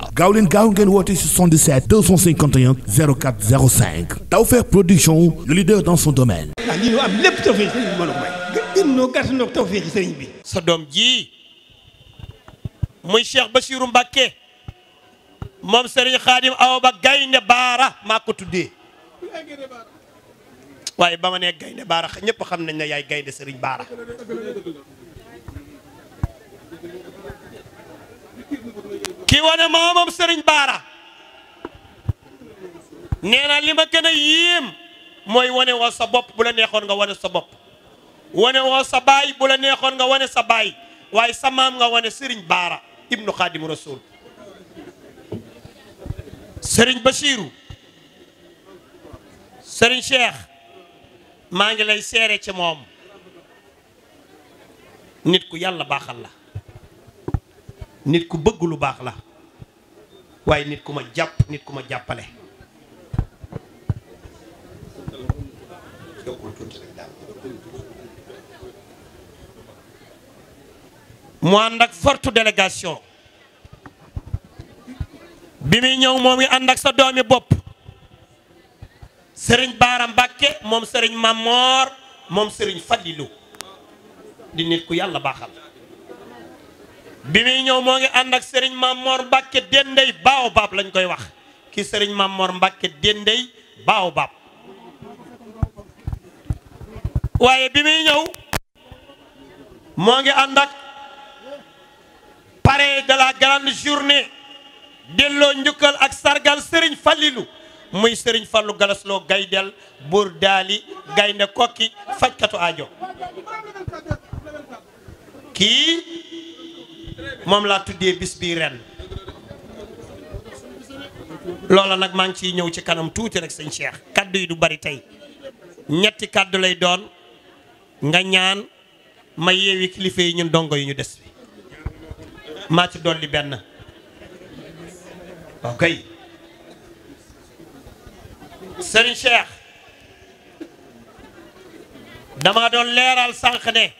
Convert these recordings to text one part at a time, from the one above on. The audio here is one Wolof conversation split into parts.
waaw gaaw leen gaaw ngeen woote 77 251 04 05 Production le leader dans son domaine. ah a may. gën noo gàtt noo tawfeex sëriñ bi. sa doom ji muy Cheikh Bassirou Mbacké moom Serigne Khadim Awa Ba gaynde baara maa ko tuddee waaye ba ma nee gaynde baara ñëpp xam nañ ne yaay gaynde Serigne Baara. ki wane moomam sëriñ baara nee na li ma gën a mooy wane woo sa bopp bu la neexoon nga wane sa bopp wane woo sa baay bu la neexoon nga wane sa baay waaye sa nga wane sëriñ baara ibnu xaadim rasul sëriñ Bachirou sëriñ Cheikh maa ngi lay seere ci moom nit ku yàlla baaxal la nit ku bëgg lu baax la waaye nit ku ma jàpp nit ku ma jàppale mu ànd ak forte délégation bi muy ñëw moom ngi ànd ak sa doomi bopp sëriñ Baara Mbàkke moom sëriñ Mamor moom sëriñ Fadilu di nit ku yàlla baaxal bi muy ñëw moo ngi ànd ak sëriñ Mamor Mbacke Dendey baaw baab lañ koy wax ki sëriñ Mamor Mbacke Dendey baaw baab waaye bi ñëw moo ngi ànd ak pare de la grande journée delloo njukkal ak sargal sëriñ Fallilu muy sëriñ Fallu Galasloo Gaydel Buur Daali Gaynde Kokki fajkatu ajo kii moom laa tuddee bis bii ren loola nag maa ngi ciy ñëw ci kanam tuuti rek sëñ Cheikh kaddu yi du bari tey ñetti kàddu lay doon nga ñaan ma yeewi kilifa yi ñu dongo yi ñu des bi maa ci dolli benn ok sëriñ Cheikh dama doon leeral sànq ne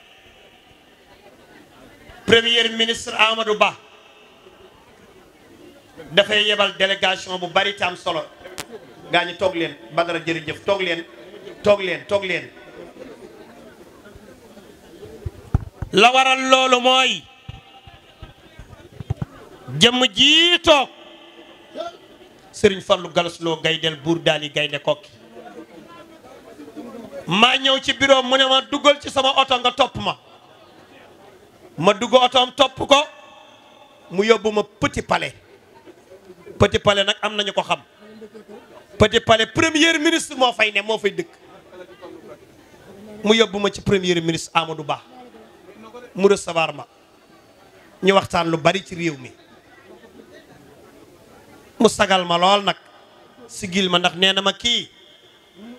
premier ministre Amadou Ba dafay yebal délégation bu bari tam solo gaa ñi toog leen Badara jërëjëf toog leen toog leen toog leen la waral loolu mooy jëmm jii toog sëriñ Fallou lu Lo gaydel buur daal yi gaynde kokki maa ñëw ci bureau mu ne ma duggal ci sama oto nga toog ma dugg otoom topp ko mu yóbbu ma Petit Palais Petit pale nag am nañu ko xam Petit pale premier ministre moo fay ne moo fay dëkk mu yóbbu ma ci premier ministre Amadou baax mu recevoir ma ñu waxtaan lu bari ci réew mi mu sagal ma lool nag sigil ma ndax nee na ma kii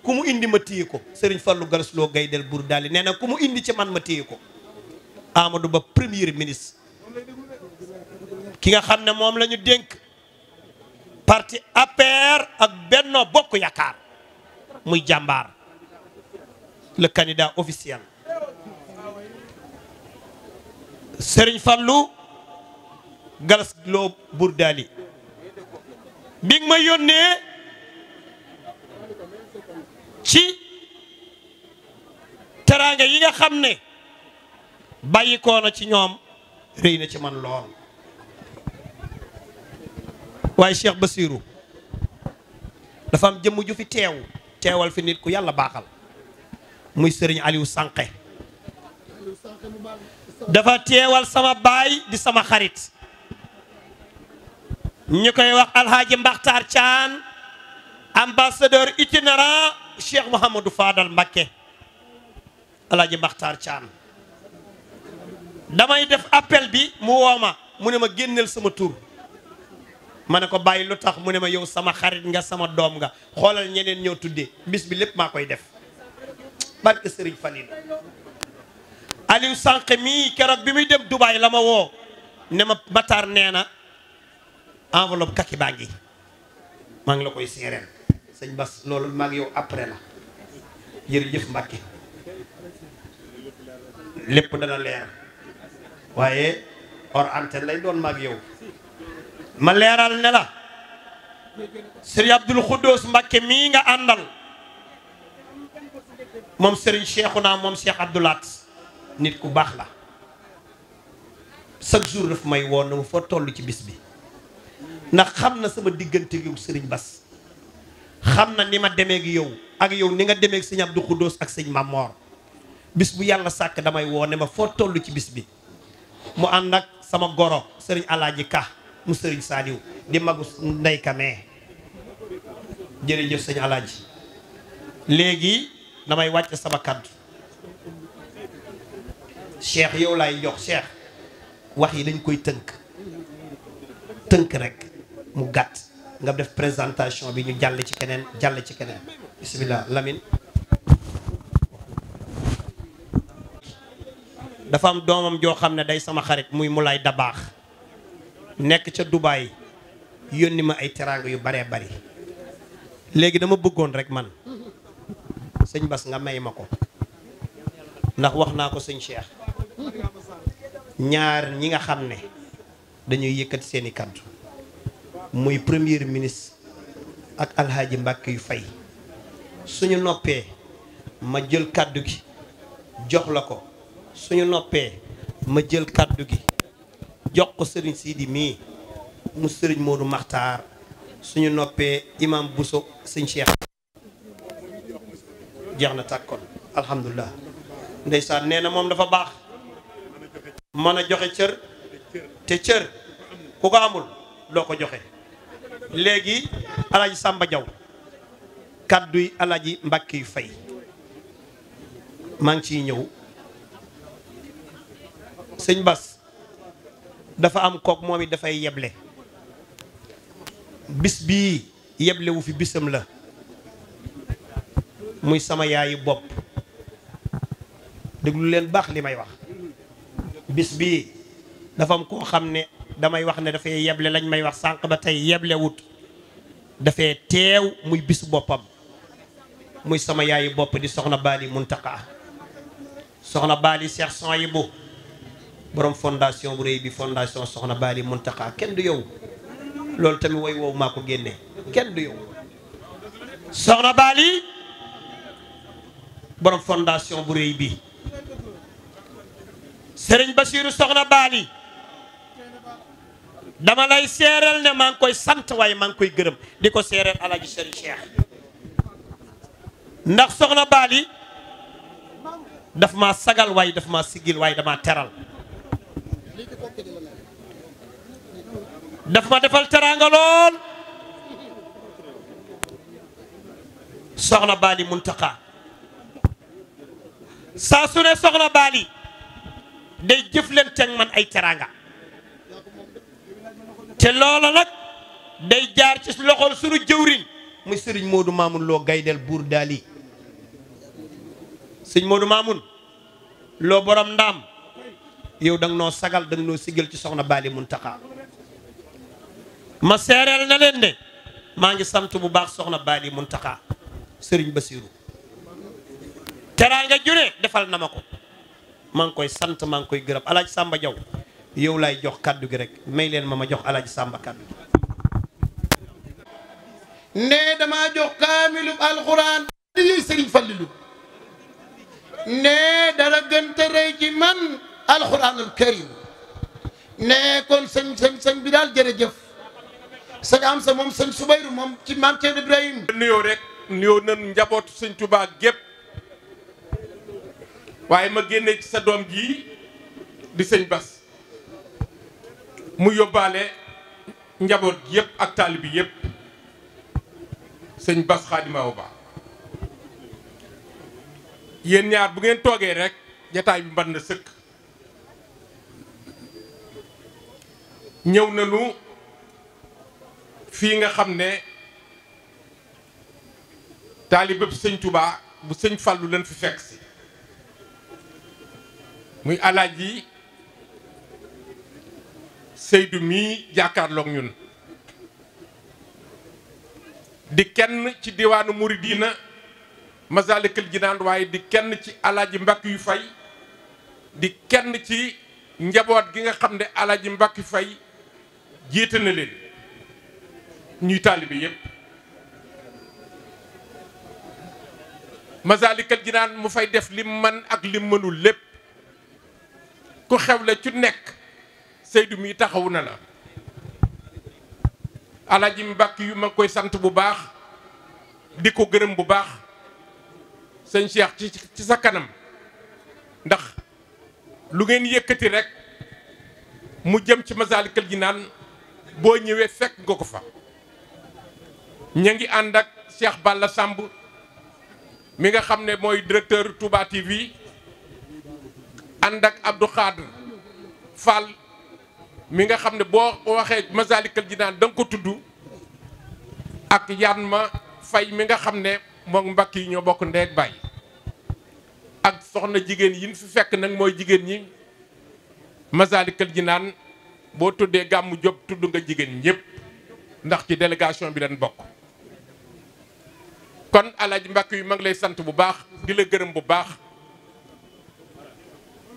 ku mu indi ma téye ko Serigne Fallou Gallas Lo Gaydel Bour Dali nee na ku mu indi ci man ma téye ko Amadou Ba premier ministre ki nga xam ne moom lañu dénk parti APR ak Benno Bokk Yaakaar muy jàmbaar le candidat officiel Serigne Fallou Galas Lo Bourdali bi ma yónnee ci teraanga yi nga xam ne bàyyi koo ci ñoom rëy na ci man lool waaye Cheikh Basirou dafa jëmm ju fi teew teewal fi nit ku yàlla baaxal muy sëriñ Aliou Sànqe dafa teewal sama baay di sama xarit ñu koy wax alhaaji Mbaxtaar Caan ambassadeur itinérant Cheikh Mouhamadou faadal Mbakke alhaaji Mbaxtaar Caan damay def appel bi mu woo ma mu ne ma génneel sama tur ma ne ko bàyyi lu tax mu ne ma yow sama xarit nga sama doom nga xoolal ñeneen ñëw tuddee bis bi lépp maa koy def barke sëriñ fan Falil Aliou Sànq mii keroog bi muy dem Dubaay la ma woo ne ma Matar nee na enveloppe kaki baa ngi maa ngi la koy séeréel sëñ Bas loolu maa ngi yow après la jërëjëf Mbàkke lépp dana leer waaye hors antenne lay doon maag yow ma leeral ne la sëriñ Abdul Xuddoos Mbàkke mii nga àndal moom sëriñ Cheikhouna moom Cheikh Abdoulaat nit ku baax la chaque jour dafa may woon na mu fa ci bis bi ndax xam na sama diggante yow sëriñ Bas xam na ni ma demee ak yow ak yow ni nga demee ak sëñ Abdou Xuddoos ak sëñ Mamor bis bu yàlla sàkk damay woon ne ma foo toll ci bis bi mu ànd ak sama goro sëriñ alaaji ka mu sëriñ saaliw di magu ndey kamee jërëjëf sëñ ji léegi damay wàcc sama kàddu cheikh yow laay jox cheikh wax yi dañ koy tënk tënk rek mu gàtt nga def présentation bi ñu jàll ci keneen jàll ci keneen bismillah lamin dafa am doomam joo xam ne day sama xarit muy mu Moulay Dabaax nekk ca Dubaay yónni ma ay teraanga yu baree bari léegi dama bëggoon rek man sëñ Bas nga may ma ko ndax wax naa ko sëñ Cheikh ñaar ñi nga xam ne dañuy yëkkati seeni kàddu muy premier ministre ak alxaaji Mbàkke yu fay suñu noppee ma jël kàddu gi jox la ko suñu noppee ma jël kàddu gi jox ko sëriñ Sidi mii mu sëriñ Modou Maxtaar suñu noppee imam Bousso sëñ Cheikh jeex na tàkkoon alhamdulilah ndeysaan nee na moom dafa baax mën a joxe cër te cër ku ko amul doo ko joxe léegi alaji sàmba Diaw kàdduy alaji Mbàkke yu fay maa ngi ciy ñëw sëñ Bas dafa am kook moom it dafay yeble bis bii yeblewu fi bisam la muy sama yaayu bopp déglu leen baax li may wax bis bii dafa am koo xam ne damay wax ne dafay yeble lañ may wax sànq ba tey yeblewut dafay teew muy bis boppam muy sama yaayu bopp di soxna Baali Muntaqa soxna Baali Cheikh Soyibu borom fondation bu rëy bi fondation Soxna Baali Muntaxa kenn du yow loolu tamit way woow maa ko génne kenn du yow Soxna bu rëy bi Sëriñ Basiiru Soxna Baali dama lay seereel ne maa ngi koy sant waaye maa ngi koy gërëm di ko seereel Alaaji Sëriñ Cheikh ndax Soxna Baali daf ma sagal waaye daf ma siggil waaye damaa teral daf ma defal teraanga lool soxna Bali Muntaka saa su ne soxna Bali day jëflanteeg man ay teraanga te loola nag day jaar ci loxol sunu jëwriñ muy Serigne Modou Mamoun loo gaydel buur daali Serigne Modou Mamoun loo borom ndaam. yow danga noo sagal danga noo siggal ci soxna Bally Mountakha ma seereel na leen ne maa ngi sant bu baax soxna Bally Mountakha sëriñ Basiiru teraanga june defal na ma ko maa ngi koy sant maa ngi koy gërëm alaaj sàmba Jaw yow laay jox kàddu gi rek may leen ma ma jox alaaj Samba kàddu gi nee damaa jox kaamilu alxuraan di sëriñ Fallilu nee dara gënta rëy ci man alxuraanul karim ne kon sëñ sëñ sëñ bi daal jërëjëf sëñ am sa moom sëñ Subayru moom ci maam Thierno Ibrahim nuyoo rek nuyoo nan njabootu sëñ Touba gépp waaye ma génnee ci sa doom ji di sëñ Bas mu yóbbaale njaboot yëpp ak taalibi yépp sëñ Bas Xaadimaw Ba yéen ñaar bu ngeen toogee rek jataay bi mbat na sëkk ñëw nañu fii nga xam ne taalibe bu sëñ Touba bu sëñ Fallou lañ fi fekk si muy alaaji Seydou mii jàkkaarloog ñun di kenn ci diwaanu Mouridina Masalikul Jinaan waaye di kenn ci alaaji Mbàkke yu fay di kenn ci njaboot gi nga xam ne alaaji Mbàkke fay jiite na leen ñuy taalibe yëpp Masaalikal Jinaan mu fay def lim man ak lim mënul lépp ku xew xewle ci nekk Seydou mi taxawu na la mu Mbàkke yu ma koy sant bu baax di ko gërëm bu baax sëñ Cheikh ci sa kanam ndax lu ngeen yëkkati rek mu jëm ci Masaalikal Jinaan boo ñëwee fekk nga ko fa ña ngi ànd ak Cheikh Balla sàmb mi nga xam ne mooy directeur Touba TV ànd ak Abdou Khadr mi nga xam ne boo waxee Masalikal ji da danga ko tudd ak Yanma Faye mi nga xam ne moom mbakk yi ñoo bokk ndeeg baay ak soxna jigéen yi ñu fi fekk nag mooy jigéen ñi ji naan boo tuddee gàmmu Jóob tudd nga jigéen ñëpp ndax ci délégation bi dañ bokk kon alaaji mbàkk yu mag lay sant bu baax di la gërëm bu baax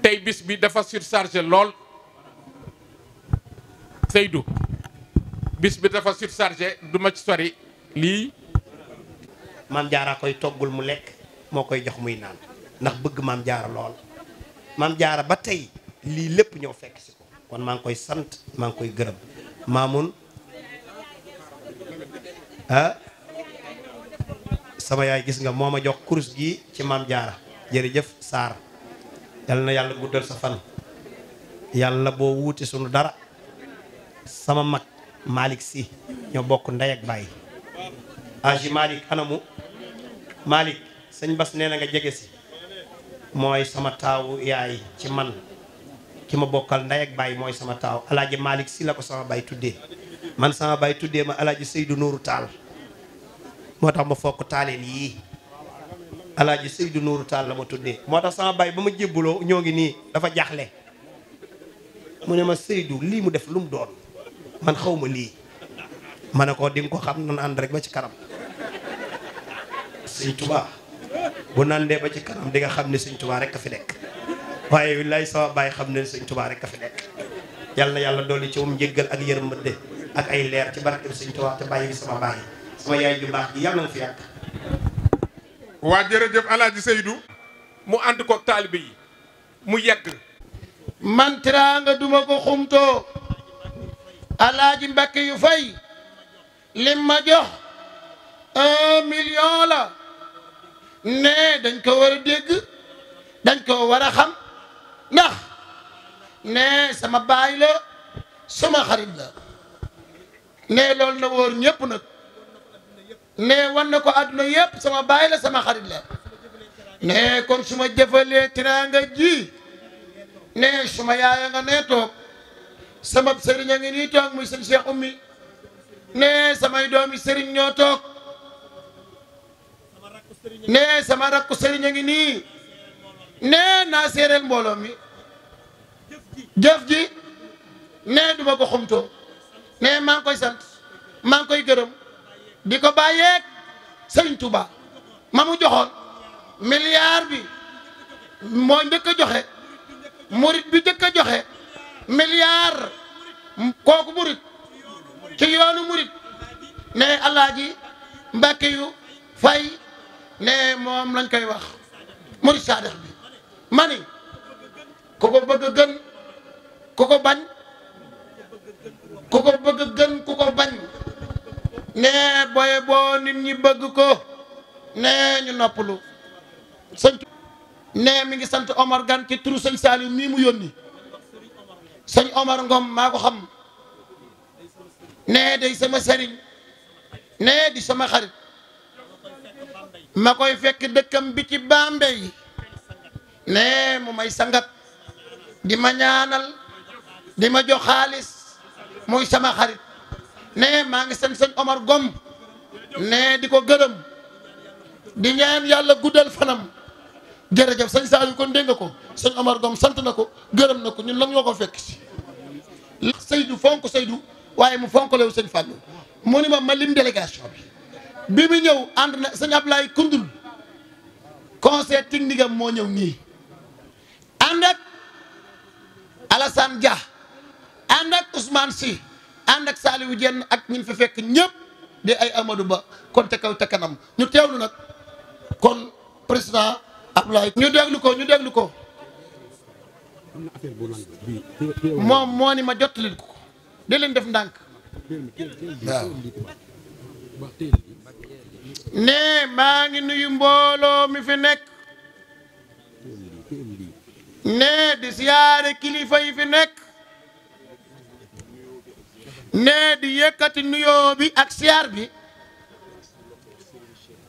tey bis bi dafa surchargé lool Seydou bis bi dafa surchargé du ma ci sori lii maam jaara koy toggul mu lekk moo koy jox muy naan ndax bëgg maam jaara lool maam jaara ba tey lii lépp ñoo fekk si kon maa ngi koy sant maa ngi koy gërëm Mamoun ah sama yaay gis nga moo ma jox kurus gi ci maam jaara jërëjëf saar yal na yàlla guddal sa fan yàlla boo wuute sunu dara sama mag Malick si ñoo bokk ndey ak baay agi Malick anamu Malick sëñ Bas nee na nga jege si mooy sama taawu yaay ci man ki ma bokkal ndey ak baay mooy sama taaw alaaji Malick si la ko sama baay tuddee man sama baay tuddee ma alaaji Seydou Nourou taal moo tax ma fokk taaleen yii alaaji Seydou Nourou taal la ma tuddee moo tax sama baay ba ma jébbuloo ñoo ngi nii dafa jaaxle mu ne ma Seydou lii mu def lu doon man xaw ma lii ma ne ko di nga ko xam nan ànd rek ba ci kanam sëñ Tuubaa bu nandee ba ci kanam di nga xam ne sëñ tubaa rek a fi nekk waaye wilaay sama bàyyi xam ne sëñ Tuubaa rek a fi nekk yàlla yàlla dolli ci moom njëggal ak yërmande ak ay leer ci barkeb sëñ Tuubaa te bàyyi bi sama bàyyi sama yaay ju baax ji yàlla na fi yàgg waa jërëjëf alaaji Seydou mu ànd ko taalibe yi mu yegg man teraanga duma ko xumtoo alaaji Mbakke yu fay lim ma jox un million la ne dañ ko war a dégg dañ ko war a xam ndax ne sama baay la sama xarit la ne loolu na woor ñëpp nag ne wan na ko àdduna yëpp sama baay la sama xarit la ne kon su ma jëfalee tiraanga ji ne su ma yaaya nga ne toog sama sëriñ a ngi nii toog muy sëñ Cheikh Oumy ne samay doomi sëriñ ñoo toog ne sama rakku sëriñ a ngi nii nee naa séeréel mbooloo mi jëf ji nee duma ko xumtoo nee maa ngi koy sant maa ngi koy gërëm di ko bàyyeeg sëñ Touba ma mu joxoon milliard bi moo njëkk joxe murit bi njëkk joxe milliard kooku murit ci yoonu murit ne alaaji Mbàkke fay ne moom lañ koy wax murit saadax bi mani ni ku ko bëgg gën ku ko bañ ku ko bëgg gën ku ko bañ ne boye boo nit ñi bëgg ko ne ñu noppalu sëñ ne mi ngi sant Omar Gan ci turu sëñ Saliou mii mu yónni sëñ Omar Ngom maa ko xam ne day sama sëriñ ne di sama xarit ma koy fekk dëkkam bi ci Bambey ne mu may sangat di ma ñaanal di ma jox xaalis muy sama xarit ne maa ngi sant sëñ Omar Gom ne di ko gërëm di ñaan yàlla guddal fanam jërëjëf sëñ Saliou kon dégg na ko sëñ Omar Gom sant na ko gërëm na ko ñun lan ñoo ko fekk si Seydou fonk Seydou waaye mu fonk lew sëñ Fallou mu ni ma ma lim délégation bi bi mu ñëw ànd na sëñ Ablaye Koundoul conseil technique moo ñëw nii ànd ak Alassane Dia ànd ak Ousmane Sy ànd ak Saliou Dieng ak ñin fi fekk ñëpp di ay Amadou Ba kon te kaw te kanam ñu teewlu nag kon président Abdoulaye ñu déglu ko ñu déglu ko moom moo ni ma jottali ko di leen def ndànk waaw maa ngi nuyu mbooloo mi fi nekk nee di siyaare kilifa yi fi nekk nee di yëkkati nuyoo bi ak siyaar bi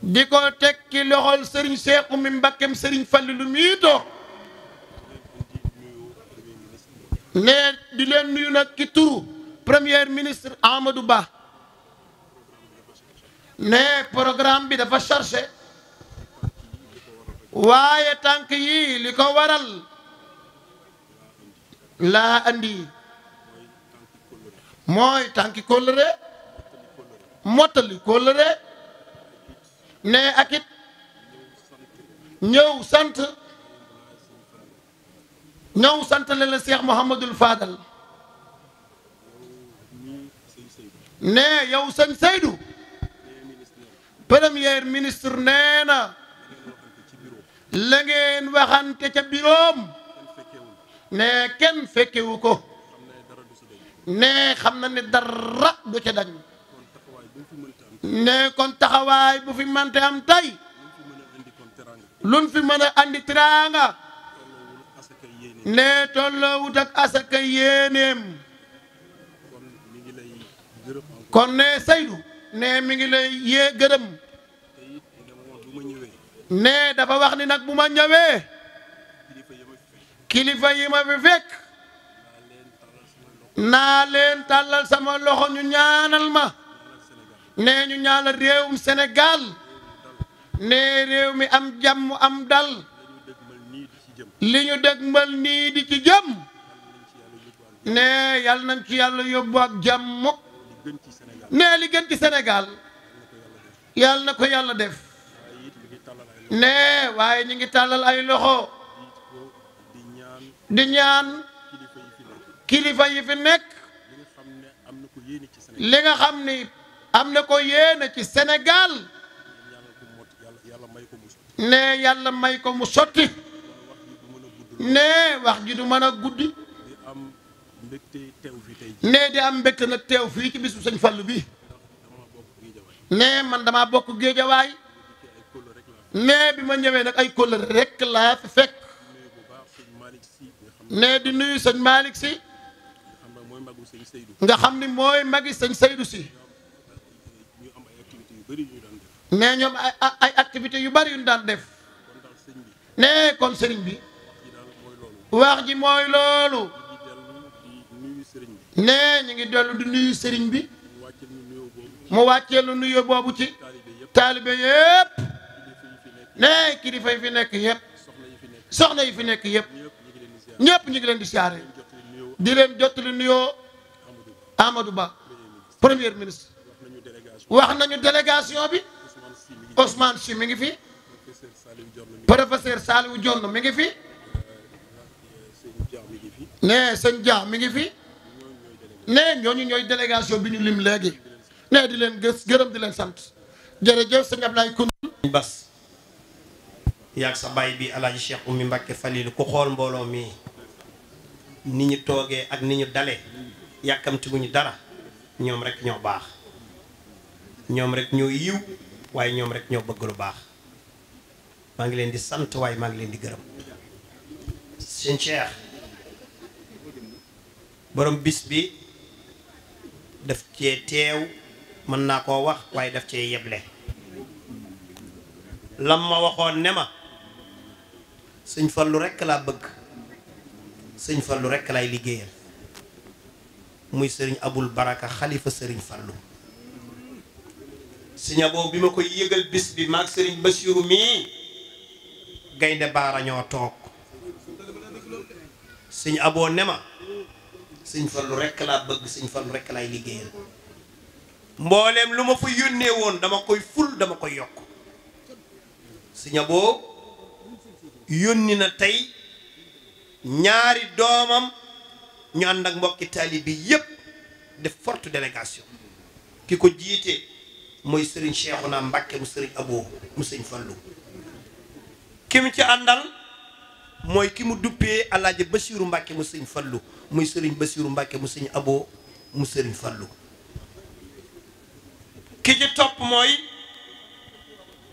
di ko teg ci loxol Serigne Cheikh Oumy Mbakkeem Serigne Fallilou mii toog nee di leen nuyu nag turu premier ministre Amadou Ba nee programme bi dafa chargé waaye tànk yii li ko waral. laa andi mooy tànki kóllëre mottali kóllëre ne ak ñëw sant ñëw sant le la Cheikh Mouhamadul Fadal ne yow sëñ Seydou premier ministre nee na waxante ca biroom ne kenn fekkewu ko ne xam na ne dara du dañ ne kon taxawaay bu fi mante am tey luñ fi mën a andi tiraanga ne tolloowut ak asaka kon ne Seydou ne mi ngi lay yee gërëm ne dafa wax ni nag bu ma ñëwee kilifa yi ma fekk naa leen tàllal sama loxo ñu ñaanal ma nee ñu ñaanal réewum Sénégal nee réew mi am jàmm am dal li ñu dëgmal nii di ci jëm nee yàlla nañ ci yàlla yóbbu ak jàmm nee li gën ci Sénégal yàlla na ko yàlla def nee waaye ñu ngi tàllal ay loxo di ñaan kilifa yi fi nekk li nga xam ni am na ko yéene ci Sénégal ne yàlla may ko mu sotti ne wax ji du mën a gudd ne di am mbégte nag teew fii ci bisu sëñ Fallu bi ne man dama bokk géejawaay ne bi ma ñëwee nag ay kóllëre rek laa fi fekk ne di nuyu sëñ Malick si nga xam ni mooy magi sëñ Seydou si ne ñoom ay ay activités yu bari yu ñu daan def ne kon sëriñ bi wax ji mooy loolu ne ñu ngi dellu di nuyu sëriñ bi mu wàccee lu nuyoo boobu ci taalibe yépp ne kilifa yi fi nekk yépp soxna yi fi nekk yépp ñëpp ñu ngi leen di siyaare di leen jottali nuyoo amadu Ba premier ministre wax nañu délégation bi Ousmane Sy mi ngi fi professeur Saliou Dione mi ngi fi ne sëñ Dia mi ngi fi ne ñooñu ñooy délégation bi ñu lim léegi ne di leen gës gërëm di leen sant jërëjëf sëñ Ablaye Koundoul Bass yaag sa baay bi alaaji Cheikh Oumy Mbacké Falil ku xool mbooloo mi ni ñu toogee ak ni ñu dale yàkkamti wuñu dara ñoom rek ñoo baax ñoom rek ñoo yiw waaye ñoom rek ñoo bëgg lu baax maa ngi leen di sant waaye maa ngi leen di gërëm seen Cheikh borom bis bi daf cee teew mën naa koo wax waaye daf cee yeble lam ma waxoon ne ma Sëñ Fallu rekk laa bëgg sëñ Fallou rekk lay liggéeyal muy sëriñ Abul Baraka xalifa sëriñ Fallou sëñ Abo bi ma koy yëgal bis bi maag sëriñ Basiru mii gaynde baara ñoo toog sëñ Abo ne ma sëñ Fallou rekk laa bëgg sëñ Fallou rekk lay liggéeyal mbooleem lu ma fa yónnee woon dama koy ful dama koy yokk sëñ Abo yónni na tey ñaari doomam ñu ànd ak mbokki taalibi yépp def forte délégation ki ko jiite mooy sëriñ Cheikhouna Mbacke mu sëriñ Abo mu sëriñ Fallou ki mu ci àndal mooy ki mu duppee alaaji Basiiru Mbacke mu sëriñ Fallou muy sëriñ Basiiru Mbacke mu sëriñ Abo mu sëriñ Fallou ki ci topp mooy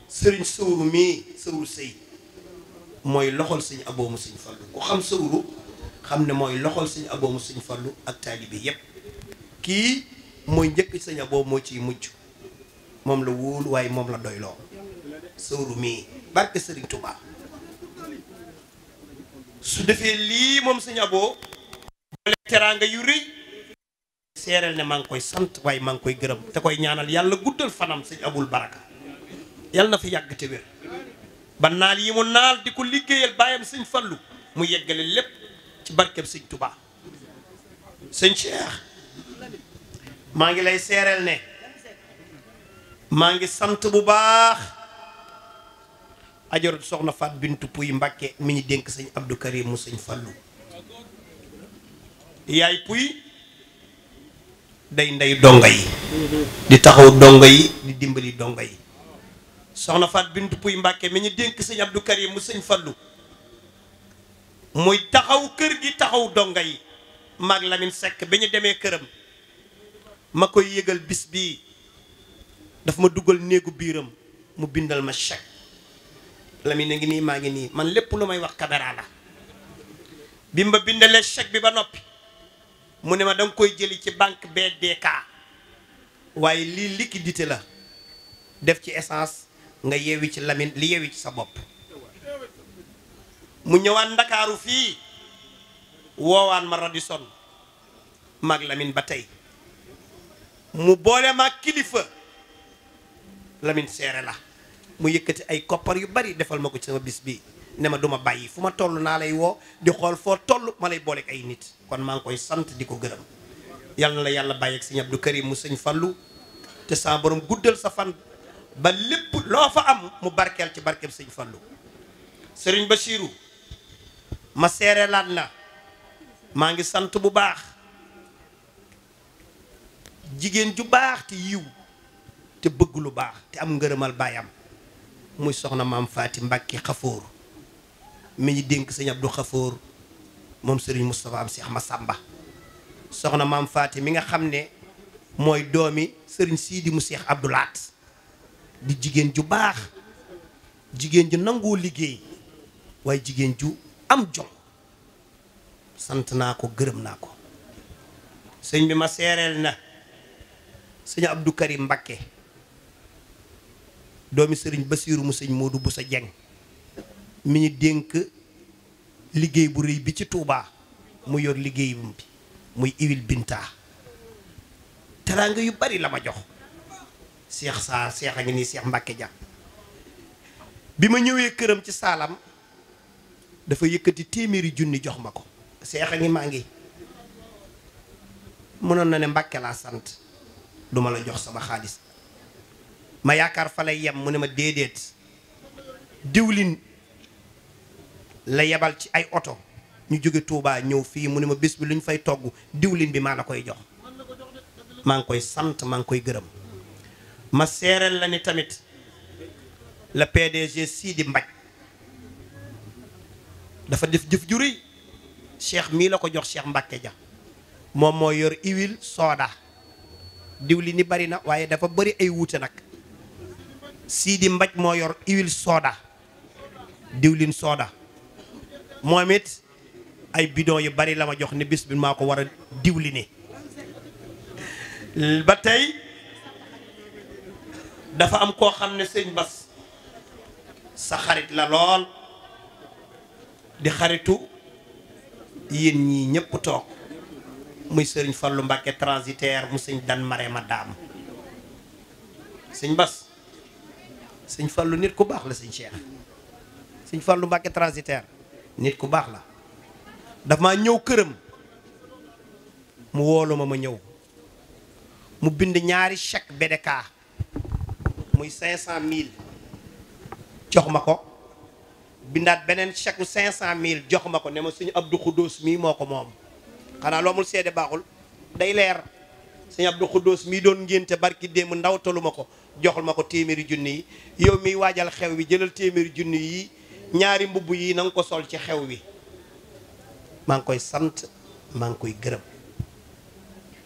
sëriñ Sëwru mii Sëwru Sëy mooy loxol sëñ aboomu sëñ fallu ku xam sawru xam ne mooy loxol sëñ aboomu sëñ fallu ak taalibe yépp kii mooy njëkk sëñ aboomu moo ciy mujj moom la wóolu waaye moom la doyloo sawru mii barke sëriñ Touba su defee lii moom sëñ aboo boole teraanga yu rëy seereel ne maa ngi koy sant waaye maa ngi koy gërëm te koy ñaanal yàlla guddal fanam sëñ abul baraka yàlla na fi yàgg te wér ba naal yi mu naal di ko liggéeyal bàyyam sëñ fallu mu yeggale lépp ci barkeb sëñ tubaa sëñ Cheikh maa ngi lay seereel ne maa ngi sant bu baax ajarut soxna faat bintu puy mbàkke mi ñu dénk sëñ abdou karim mu sëñ fallu yaay puy day ndey dongo yi di taxaw dongo yi di dimbali dongo yi soxna Faat Bintu Puy Mbàkke mi ñu dénk sëñ Abdou Karim mu sëñ Fallu mooy taxaw kër gi taxaw dongo yi maag Lamin Sekk bi ñu demee këram ma koy yëgal bis bi dafa ma dugal néegu biiram mu bindal ma chèque Lamin a ngi nii maa ngi nii man lépp lu may wax caméra la bi ma bindalee chèque bi ba noppi mu ne ma danga koy jëli ci banque BDK waaye lii liquidité la def ci essence nga yeewi ci lamin li yeewi ci sa bopp mu ñëwaat ndakaaru fii woowaan ma Radisson maag lamin ba tey mu boole maag kilifa lamin seere la mu yëkkati ay koppar yu bari defal ma ko ci sama bis bi ne ma duma bàyyi fu ma toll naa lay woo di xool foo toll ma lay booleeg ay nit kon maa ngi koy sant di ko gërëm yal na la yàlla bàyyeeg sëñ Abdou Karim mu sëñ Fallu te sa borom guddal sa fan ba lépp loo fa am mu barkeel ci barkeb sëñ Fallou sëriñ Bachirou ma seere laat la maa ngi sant bu baax jigéen ju baax te yiw te bëgg lu baax te am ngërëmal baayam muy soxna maam Faati Mbàkke Xafoor mi ñu dénk sëñ Abdou Xafoor moom sëriñ Moustapha am Seex ma sàmba soxna maam Faati mi nga xam ne mooy doomi sëriñ Siidi mu Seex Abdou di jigéen ju baax jigéen ju nangoo liggéey waaye jigéen ju am jom sant naa ko gërëm naa ko sëñ bi ma seereel na sëñ Abdou Karim Mbakke doomi sëriñ Basiiru mu sëñ Moodu bu sa jeng mi ñu dénk liggéey bu rëy bi ci tuubaa mu yor liggéey bi muy iwil Binta teraanga yu bari la ma jox Cheikh saa Cheikh a ngi nii Cheikh Mbacke Dia bi ma ñëwee këram ci saalam dafa yëkkati téeméeri junni jox ma ko Cheikh a ngi maa ngi mënoon na ne Mbacke laa sant duma la jox sama xaalis ma yaakaar fa lay yem mu ne ma déedéet diwlin la yebal ci ay oto ñu jóge tuubaa ñëw fii mu ne ma bis bi lu ñu fay togg diwlin bi maa la koy jox maa ngi koy sant maa ngi koy gërëm ma seereel la ne tamit la PDG Sidi Mbaj dafa def jëf juri rëy cheikh mii la ko jox cheikh Mbacke ja moom moo yor huile soda diwli ni bari na waaye dafa bari ay wuute nag Sidi Mbaj moo yor huile soda diwlin soda moom it ay bidon yu bari la ma jox ni bis bi maa ko war a diwli ba tey dafa am koo xam ne sëñ Bas sa xarit la lool di xaritu yéen ñii ñëpp toog muy sëriñ Fallou Mbacke transitaire mu sëñ Dan ma Daam sëñ Bas sëñ Fallou nit ku baax la sëñ Cheikh sëñ Fallou Mbacke transitaire nit ku baax la dafa maa ñëw këram mu woolu ma ma ñëw mu bind ñaari chèque BDK muy cinq cent mille jox ma ko bindaat beneen chaque cinq cent mille jox ma ko ne ma suñu ab du Khoudous mii moo ko moom xanaa mu seede baaxul day leer suñu Abdou Khoudous mii doon ngénte barki démb ndaw talu ma ko joxul ma ko téeméeri junni yi yow miy waajal xew wi jëlal téeméeri junni yi ñaari mbubb yi na ko sol ci xew wi maa ngi koy sant maa ngi koy gërëm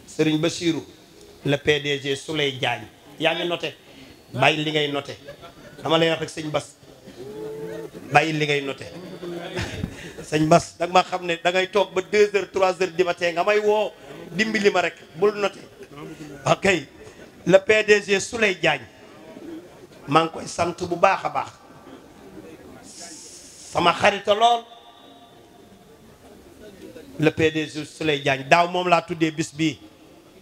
Serigne Bassirou le PDG Souley Diagne yaa ngi noté bàyyi li ngay note dama lay wax rek sëñ Bas bàyyi li ngay noté sëñ Bas da ma xam ne da ngay toog ba 2 heures 3 heures du matin nga may woo dimbali ma rek bul noté ok le PDG Souley Diagne maa ngi koy sant bu baax a baax sama xarita lool le PDG Souley Diagne daaw moom laa tuddee bis bi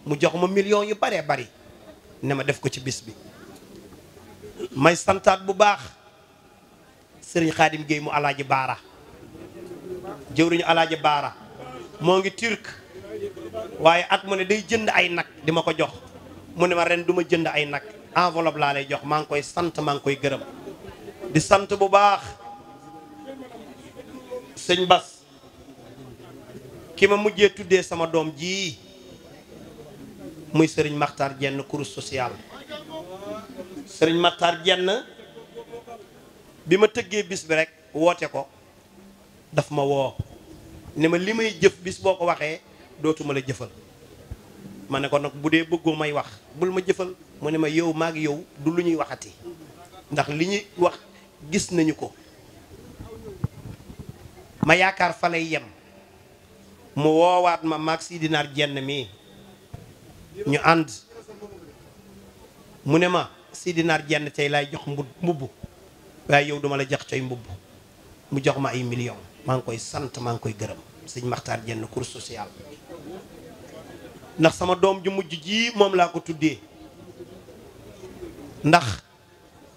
mu jox ma million yu baree bari ne ma def ko ci bis bi may santaat bu baax sëriñ xaadim géey mu alaaji baara jëwriñu alaaji baara moo ngi turk waaye at mu ne day jënd ay nag di ma ko jox mu ne ma ren du ma jënd ay nag enveloppe laa lay jox maa ngi koy sant maa ngi koy gërëm di sant bu baax sëñ Bas ki ma mujjee tuddee sama doom jii muy sëriñ Maxtaar jenn kurus sociale sëriñ Matar jenn bi ma tëggee bis bi rek woote ko dafa ma woo ne ma li may jëf bis boo ko waxee dootuma la jëfal ma ne ko nag bu dee bëggoo may wax bul ma jëfal mu ne ma yow maag yow du lu ñuy waxati ndax li ñuy wax gis nañu ko ma yaakaar fale yem mu woowaat ma maag si dinaar jenn mii ñu ànd mu ne ma si dinaar jenn tey laay jox mbu mbubb waaye yow duma la jox coy mbubb mu jox ma ay million maa ngi koy sant maa ngi koy gërëm sëñ maxtaar jenn cour social ndax sama doom ju mujj ji moom laa ko tuddee ndax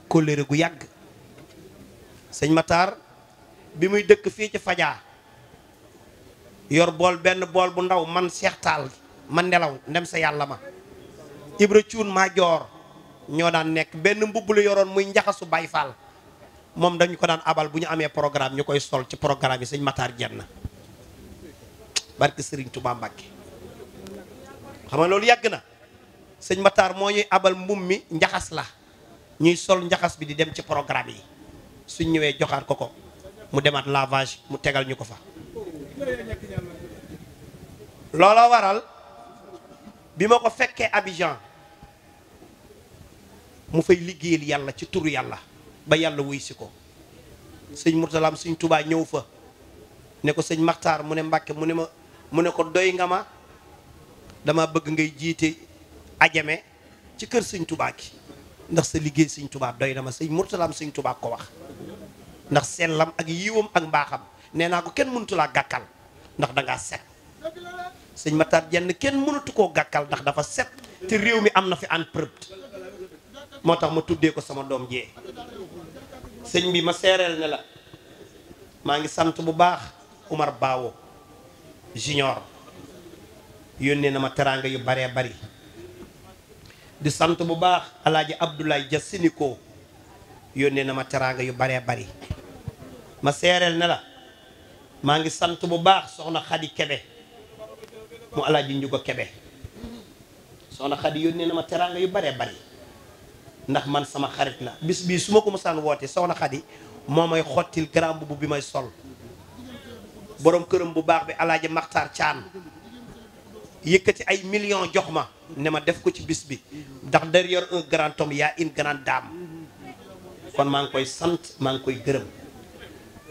kóllëre gu yàgg sëñ maxtaar bi muy dëkk fii ci fajaa yor bool benn bool bu ndaw man seextaal ma nelaw ndem sa yàlla ma ibra cuun maa ñoo daan nekk benn mbubb lu yoroon muy njaxasu bay Faal moom dañu ko daan abal bu ñu amee programme ñu koy sol ci programme yi sëñ Matar Jenn barke Serigne Touba Mbacke xam nga loolu yàgg na sëñ mbataar moo ñuy abal mbubb mi njaxas la ñuy sol njaxas bi di dem ci programme yi suñ ñëwee joxaat ko ko mu demaat lavage mu tegal ñu ko fa looloo waral bi ma ko fekkee Abidjan mu fay liggéeyal yàlla ci turu yàlla ba yàlla wuy si ko sëñ Murtalaam sëñ Tubaa ñëw fa ne ko sëñ maxtar mu ne Mbàkke mu ne ma mu ne ko doy nga ma dama bëgg ngay jiite ajame ci kër sëñ Tubaa ki ndax sa liggéey sëñ Tubaa doy na ma sëñ Murtalaam sëñ Tubaa ko wax ndax sellam ak yiwam ak mbaaxam nee naa ko kenn mënutu laa gàkkal ndax dangaa set sëñ Maxtaar jenn kenn mënatu koo gàkkal ndax dafa set te réew mi am na fi entreprise moo tax ma tuddee ko sama doom jee sëñ bi ma seereel ne la maa ngi sant bu baax Umar Baawo junior yónnee na ma teraanga yu baree bari di sant bu baax alaaji Abdoulaye Dia Siniko yónnee na ma teraanga yu baree bari ma seereel ne la maa ngi sant bu baax soxna Xadi Kebe mu alaaji Njugo Kebe soxna Xadi yónnee na ma teraanga yu baree bari ndax man sama xarit la bis bii su ma ko mosaan woote soxna Xadi moo may xottil grand mbubb bi may sol boroom këram bu baax bi alaaji Maxtaar Caan yëkkati ay millions jox ma ne ma def ko ci bis bi ndax derrière un grand homme y'a une grande dame kon maa ngi koy sant maa ngi koy gërëm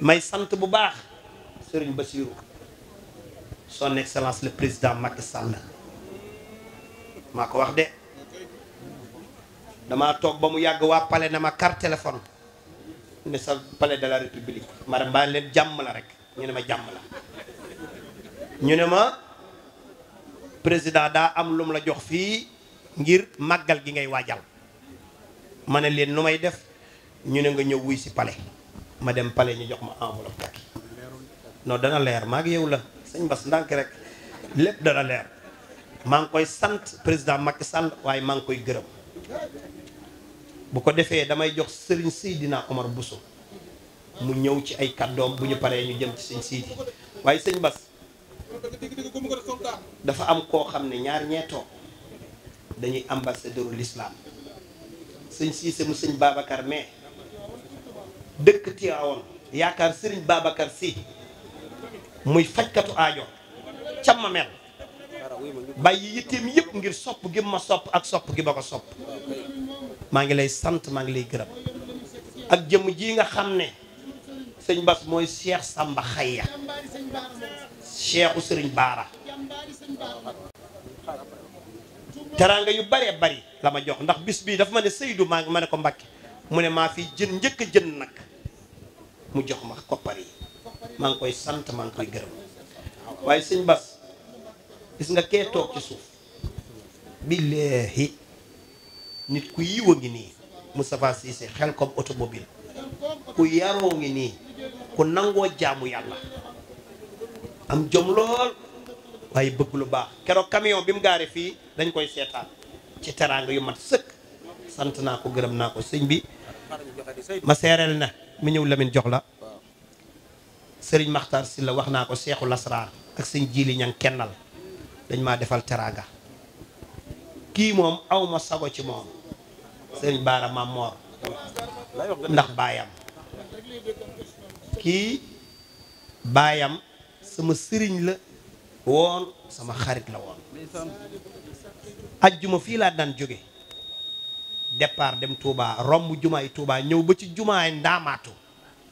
may sant bu baax Serigne Bassirou son excellence le président Macky Sall maa ko wax de damaa toog ba mu yàgg waa pale na ma carte téléphone ne sa pale de la république ma dem baa leen jàmm la rek ñu ne ma jàmm la ñu ne ma président daa am lu mu la jox fii ngir màggal gi ngay waajal ma ne leen lu may def ñu ne nga ñëw wuy si palais ma dem pale ñu jox ma enveloppe kaki non dana leer maa ngi yow la sëñ Bass ndànk rek lépp dana leer maa ngi koy sant président Macky sant waaye maa ngi koy gërëm bu ko defee damay jox sëriñ Seydina Omar buso mu ñëw ci ay kàddoom bu ñu paree ñu jëm ci sëñ Sidi waaye sëñ Bas dafa am koo xam ne ñaar ñee dañuy ambassadeur lislaam sëñ Cissé mu sëñ Babacar mais dëkk Tiwaawoon yaakaar sëriñ Babacar si muy fajkatu aajo ca ma mel bàyyi yitteem yëpp ngir sopp gi ma sopp ak sopp gi ma ko sopp maa ngi lay sant maa ngi lay gërëm ak jëmm ji nga xam ne sëñ Bass mooy Cheikh Samba Khaya Cheikhu Sëriñ Baara teraanga yu baree bari la ma jox ndax bis bii dafa ma ne Seydou maa ngi ma ne ko Mbàkke mu ne maa fi jën njëkk a jën nag mu jox ma koppar yi maa ngi koy sant maa ngi koy gërëm waaye sëñ Bass gis nga kee toog ci suuf billaahi nit ku yiw a ngi nii mu Moustapha Cissé Khelcom automobile ku yaroo ngi nii ku nangoo jaamu yàlla am jom lool waaye bëgg lu baax keroog camion bi mu gaaree fii dañ koy seetaan ci teraanga yu mat sëkk sant naa ko gërëm naa ko sëñ bi ma seereel na mu ñëw Lamine jox la sëriñ Maxtaar Sylla wax naa ko seexu lasraar ak sëñ Jili ñang kennal dañ maa defal teraanga kii moom awma sago ci moom sëriñ Baara Mamor ndax baayam kii baayam sama sëriñ la woon sama xarit la woon ajjuma fii laa daan jóge départ dem tuubaa romb jumaay tuubaa ñëw ba ci jumaay ndaamaatu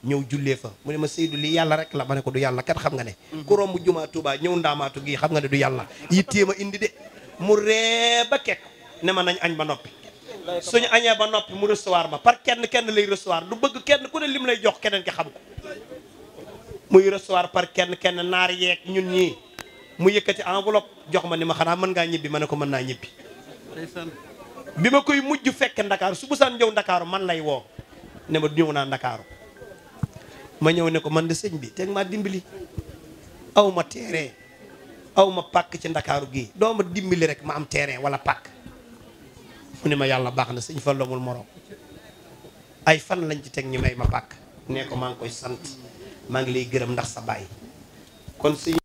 ñëw jullee fa mu ne ma Seydou lii yàlla rek la ma ne ko du yàlla kat xam nga ne ku romb jumaa Touba ñëw ndaamaatu gii xam nga ne du yàlla yittee ma indi de mu ree ba kekk ne ma nañ añ ba noppi suñu añee ba noppi mu recevoir ma par kenn kenn lay restoire du bëgg kenn ku ne mu lay jox keneen ki xam ko muy recevoir par kenn kenn naar yeeg ñun ñii mu yëkkati enveloppe jox ma ni ma xanaa mën ngaa ñibbi ma ne ko mën naa ñibbi bi ma koy mujj fekk ndakaaru su busaan ñëw ndakaaru man lay woo ne ma ñëw naa ndakaaru ma ñëw ne ko man de sëñ bi teg maa dimbali aw ma aw ma pàkk ci ndakaaru gii doo ma dimbali rek ma am terrain walla pàkk mu ne ma yàlla baax na sëñ fa lomul morom ay fan lañ ci teg ñi may ma pàkk nee ko maa ngi koy sant maa ngi lay gërëm ndax sa bàyyi kon sëñ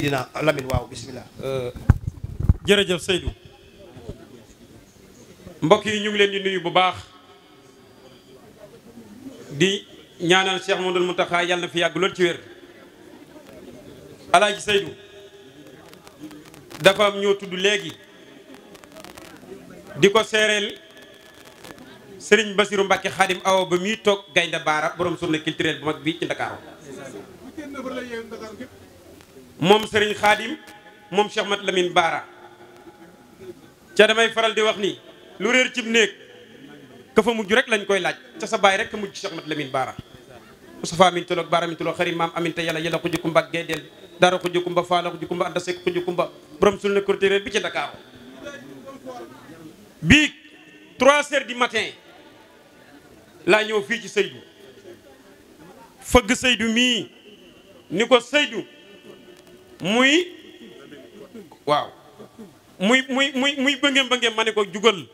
dina Lamine waaw bismillah euh, jërëjëf Seydou mbokk yi ñu ngi leen di nuyu bu baax di ñaanal Cheikh Modou Mountakha yàlla fi yàgg lool ci wér alaaji Seydou dafa am ñoo tudd léegi di ko seereel Serigne Bassirou Mbacke Khadim Awa ba muy toog Gaynde Baara borom journée culturelle bu mag bi ci Ndakaaru moom Serigne Khadim moom Cheikh Mat Lamine Baara ca damay faral di wax ni lu réer cib néeg ka fa mujj rek lañ koy laaj ca sa baay rek ka mujj Cheikh Mat Lamine Baara Moustapha amin tuloog Baara amin tuloog xarit maam amin te yàlla yàlla ko jikku mbag gee dara xuj kumba faala xuj kumba adda sekk xuj kumba borom sul ne culturel bi ci Dakar bii trois heures du matin laa ñëw fii ci Seydou fëgg Seydou mii ni ko Seydou muy waaw muy muy muy muy bëngeem bëngeem ma ne ko jugal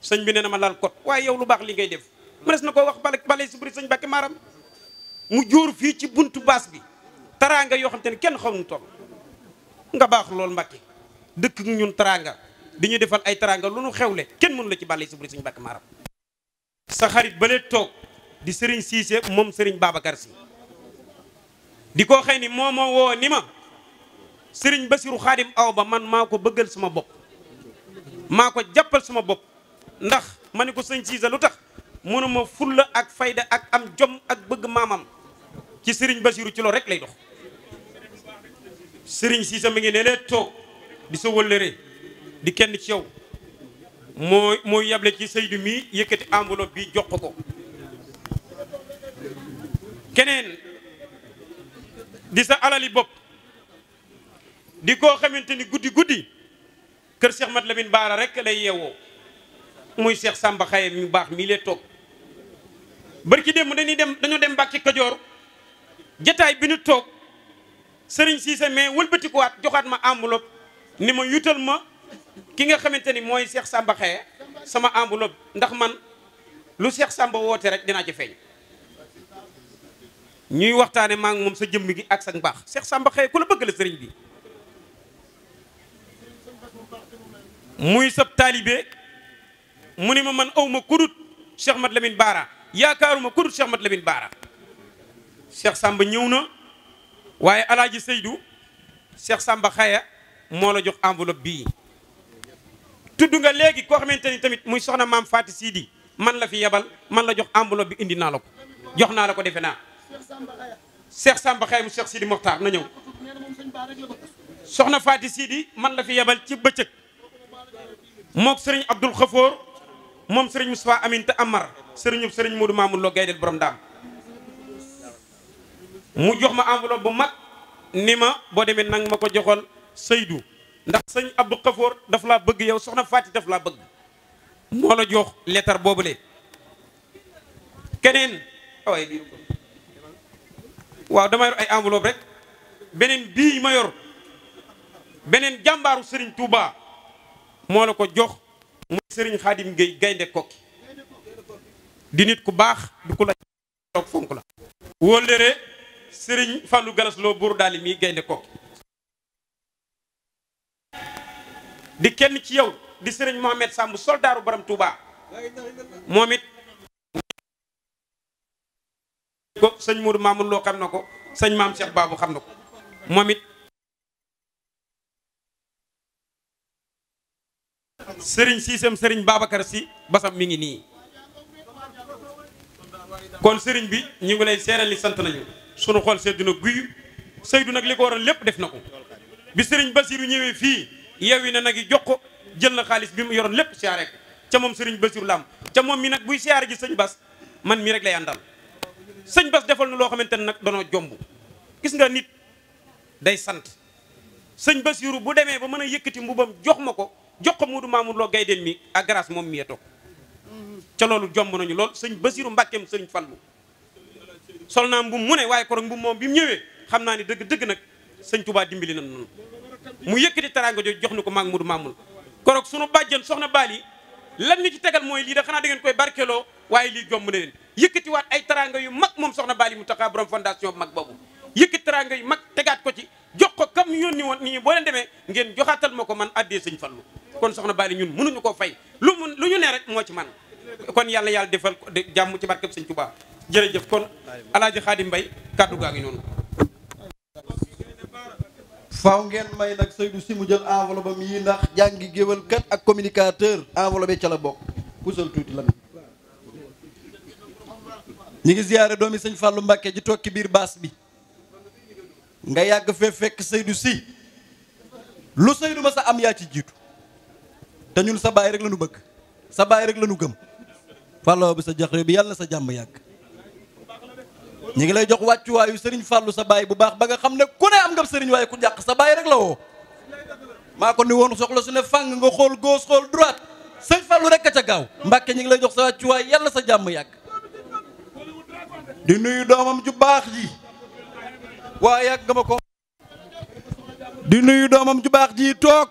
sëñ bi nee ma laal kot waaye yow lu baax li ngay def mënees na koo wax bale bale si bëri sëñ Bakke Maram mu jóor fii ci buntu baas bi taraanga yoo xam te ne kenn xaw nu toll nga baax loolu Mbàkke dëkk ñun taraanga di ñu defal ay taraanga lu nu xewle kenn mënu la ci bàlle subli suñu Mbàkke maaram sa xarit ba lee toog di sëriñ Cissé moom sëriñ Babacar Sy di ko xëy ni moo ma woo ni ma sëriñ Basiru Xaadim aw ba man maa ko bëggal sama bopp maa ko jàppal sama bopp ndax ma ne ko sëñ Cissé lu tax mënuma fulla ak fayda ak am jom ak bëgg maamam ci sëriñ Basiru ci loolu rek lay dox sëriñ Cissé mi ngi ne lee toog di sa wëllëre di kenn ci yow moo moo yable ci Seydou mii yëkkati enveloppe bi jox ko keneen di sa alali bopp di koo xamante ni guddi guddi kër Cheikh Mat Lamine Baara rek lay yeewoo muy Cheikh Samba Xaye mi baax mii la toog bërki démb dañuy dem dañoo dem Mbàkke Kajoor jataay bi ñu toog sëriñ Cissé mais waat joxaat ma enveloppe ni ma yutal ma ki nga xamante ni mooy Cheikh Samba Xeye sama enveloppe ndax man lu Cheikh Samba woote rek dinaa ci feeñ. ñuy waxtaane maa ngi moom sa jëmm gi ak sa mbaax Cheikh Samba Xeye ku la bëgg la sëriñ bi muy sab taalibe mu ni ma man awma kudut Cheikh Mat Lamine Baara yaakaaruma kudut Cheikh Mat Baara Cheikh Samba ñëw na waaye alaaji Seydou Cheikh Samba Khaya moo la jox enveloppe bii tudd nga léegi koo xamante ni tamit muy soxna maam Faati Sidi man la fi yebal man la jox enveloppe bi indi naa la ko jox naa la ko defe naa Cheikh Samba Khaya mu Sidi Mokhtar na ñëw soxna Faati Sidi man la fi yebal ci bëccëg mook sëriñ Abdul Khafour moom sëriñ Moustapha Aminta Amar sëriñub sëriñ Modou Mamoun Lo Gaydel borom daam mu jox ma enveloppe bu mag ni ma boo demee nang ma ko joxal Seydou ndax sëñ Abdou Khafour daf laa bëgg yow soxna Faati daf laa bëgg moo la jox boobu boobule keneen waaye waaw dama yor ay enveloppe rek beneen bii ma yor beneen jàmbaaru sëriñ Touba moo la ko jox muy sëriñ Khadim Gueye gaynde kokki di nit ku baax di ku la fonk la wóllëre sëriñ Fallou Galas loo buur daali mi gaynde ko di kenn ci yow di sëriñ Mohamed Samb soldaaru baram Touba moom it sëñ Mourou Mamoun xam na ko sëñ Maam Cheikh xam na ko moom sëriñ siisam sëriñ Babacar si basam mi ngi nii kon sëriñ bi ñu ngi lay seeral sant nañu sunu xool seddu nag guyu Seydou nag li ko waroon lépp def na ko bi Serigne Bassirou ñëwee fii yow yi na nag yi jox ko jël na xaalis bi mu yoroon lépp siyaare ko ca moom sëriñ Bassirou la am ca moom mi nag buy siyaare ji sëñ Bass man mii rek la àndal sëñ Bass defal na loo xamante ne nag danoo jomb gis nga nit day sant sëñ Bassirou bu demee ba mën a yëkkati mbubam jox ma ko jox ko Modou Mamour Lo Gaydel mi ak grâce moom mi toog ca loolu jomb nañu lool sëñ Bassirou Mbackeem sëñ Fallou sol naa mbubb mu ne waaye korog mbubb moom bi ñëwee xam naa ni dëgg dëgg nag sëñ Touba dimbali na noonu mu yëkkati teraanga jooju jox ni ko maag Mudu Maamul korog sunu bàjjen soxna Bali lan ñu ci tegal mooy lii da xanaa da ngeen koy barkeloo waaye lii jomb na leen yëkkatiwaat ay teraanga yu mag moom soxna Bali mu taxaa borom fondation bu mag boobu yëkkati teraanga yu mag tegaat ko ci jox ko kam yónni woon ni ñu boo ngeen joxaatal ma ko man addee sëñ Fallu kon soxna Bali ñun mënuñu koo fay lu lu ñu ne rek moo ci man kon yàlla yàlla defal jàmm ci barkeb sëñ Touba jërëjëf kon alaaji xaadim mbay kàddu gaa ngi noonu faaw ngeen may nag Seydou si mu jël enveloppe am yi ndax jàngi géwal kat ak communicateur enveloppe ca la bokk pusal tuuti ngi ziyaare doomi sëñ Fallou Mbacke ji toog ci biir baas bi nga yàgg fee fekk Seydou si lu sëydu ma sa am yaa ci jiitu te ñun sa baay rek la ñu bëgg sa baay rek la ñu gëm Fallou bi sa jaxre bi yàlla sa jàmb yàgg ñu ngi lay jox wàccuwaayu Serigne Fallou sa baay bu baax ba nga xam ne ku ne am nga Serigne waaye ku jàq sa baay rek la woo maa ko ni woon soxla su ne fàng nga xool gauche xool droite sëñ Fallou rek ca gaaw Mbàkke ñu ngi lay jox sa wàccuwaay yàlla sa jàmm yàgg. di nuyu doomam ju baax ji waa ma ko. di nuyu doomam ju baax ji toog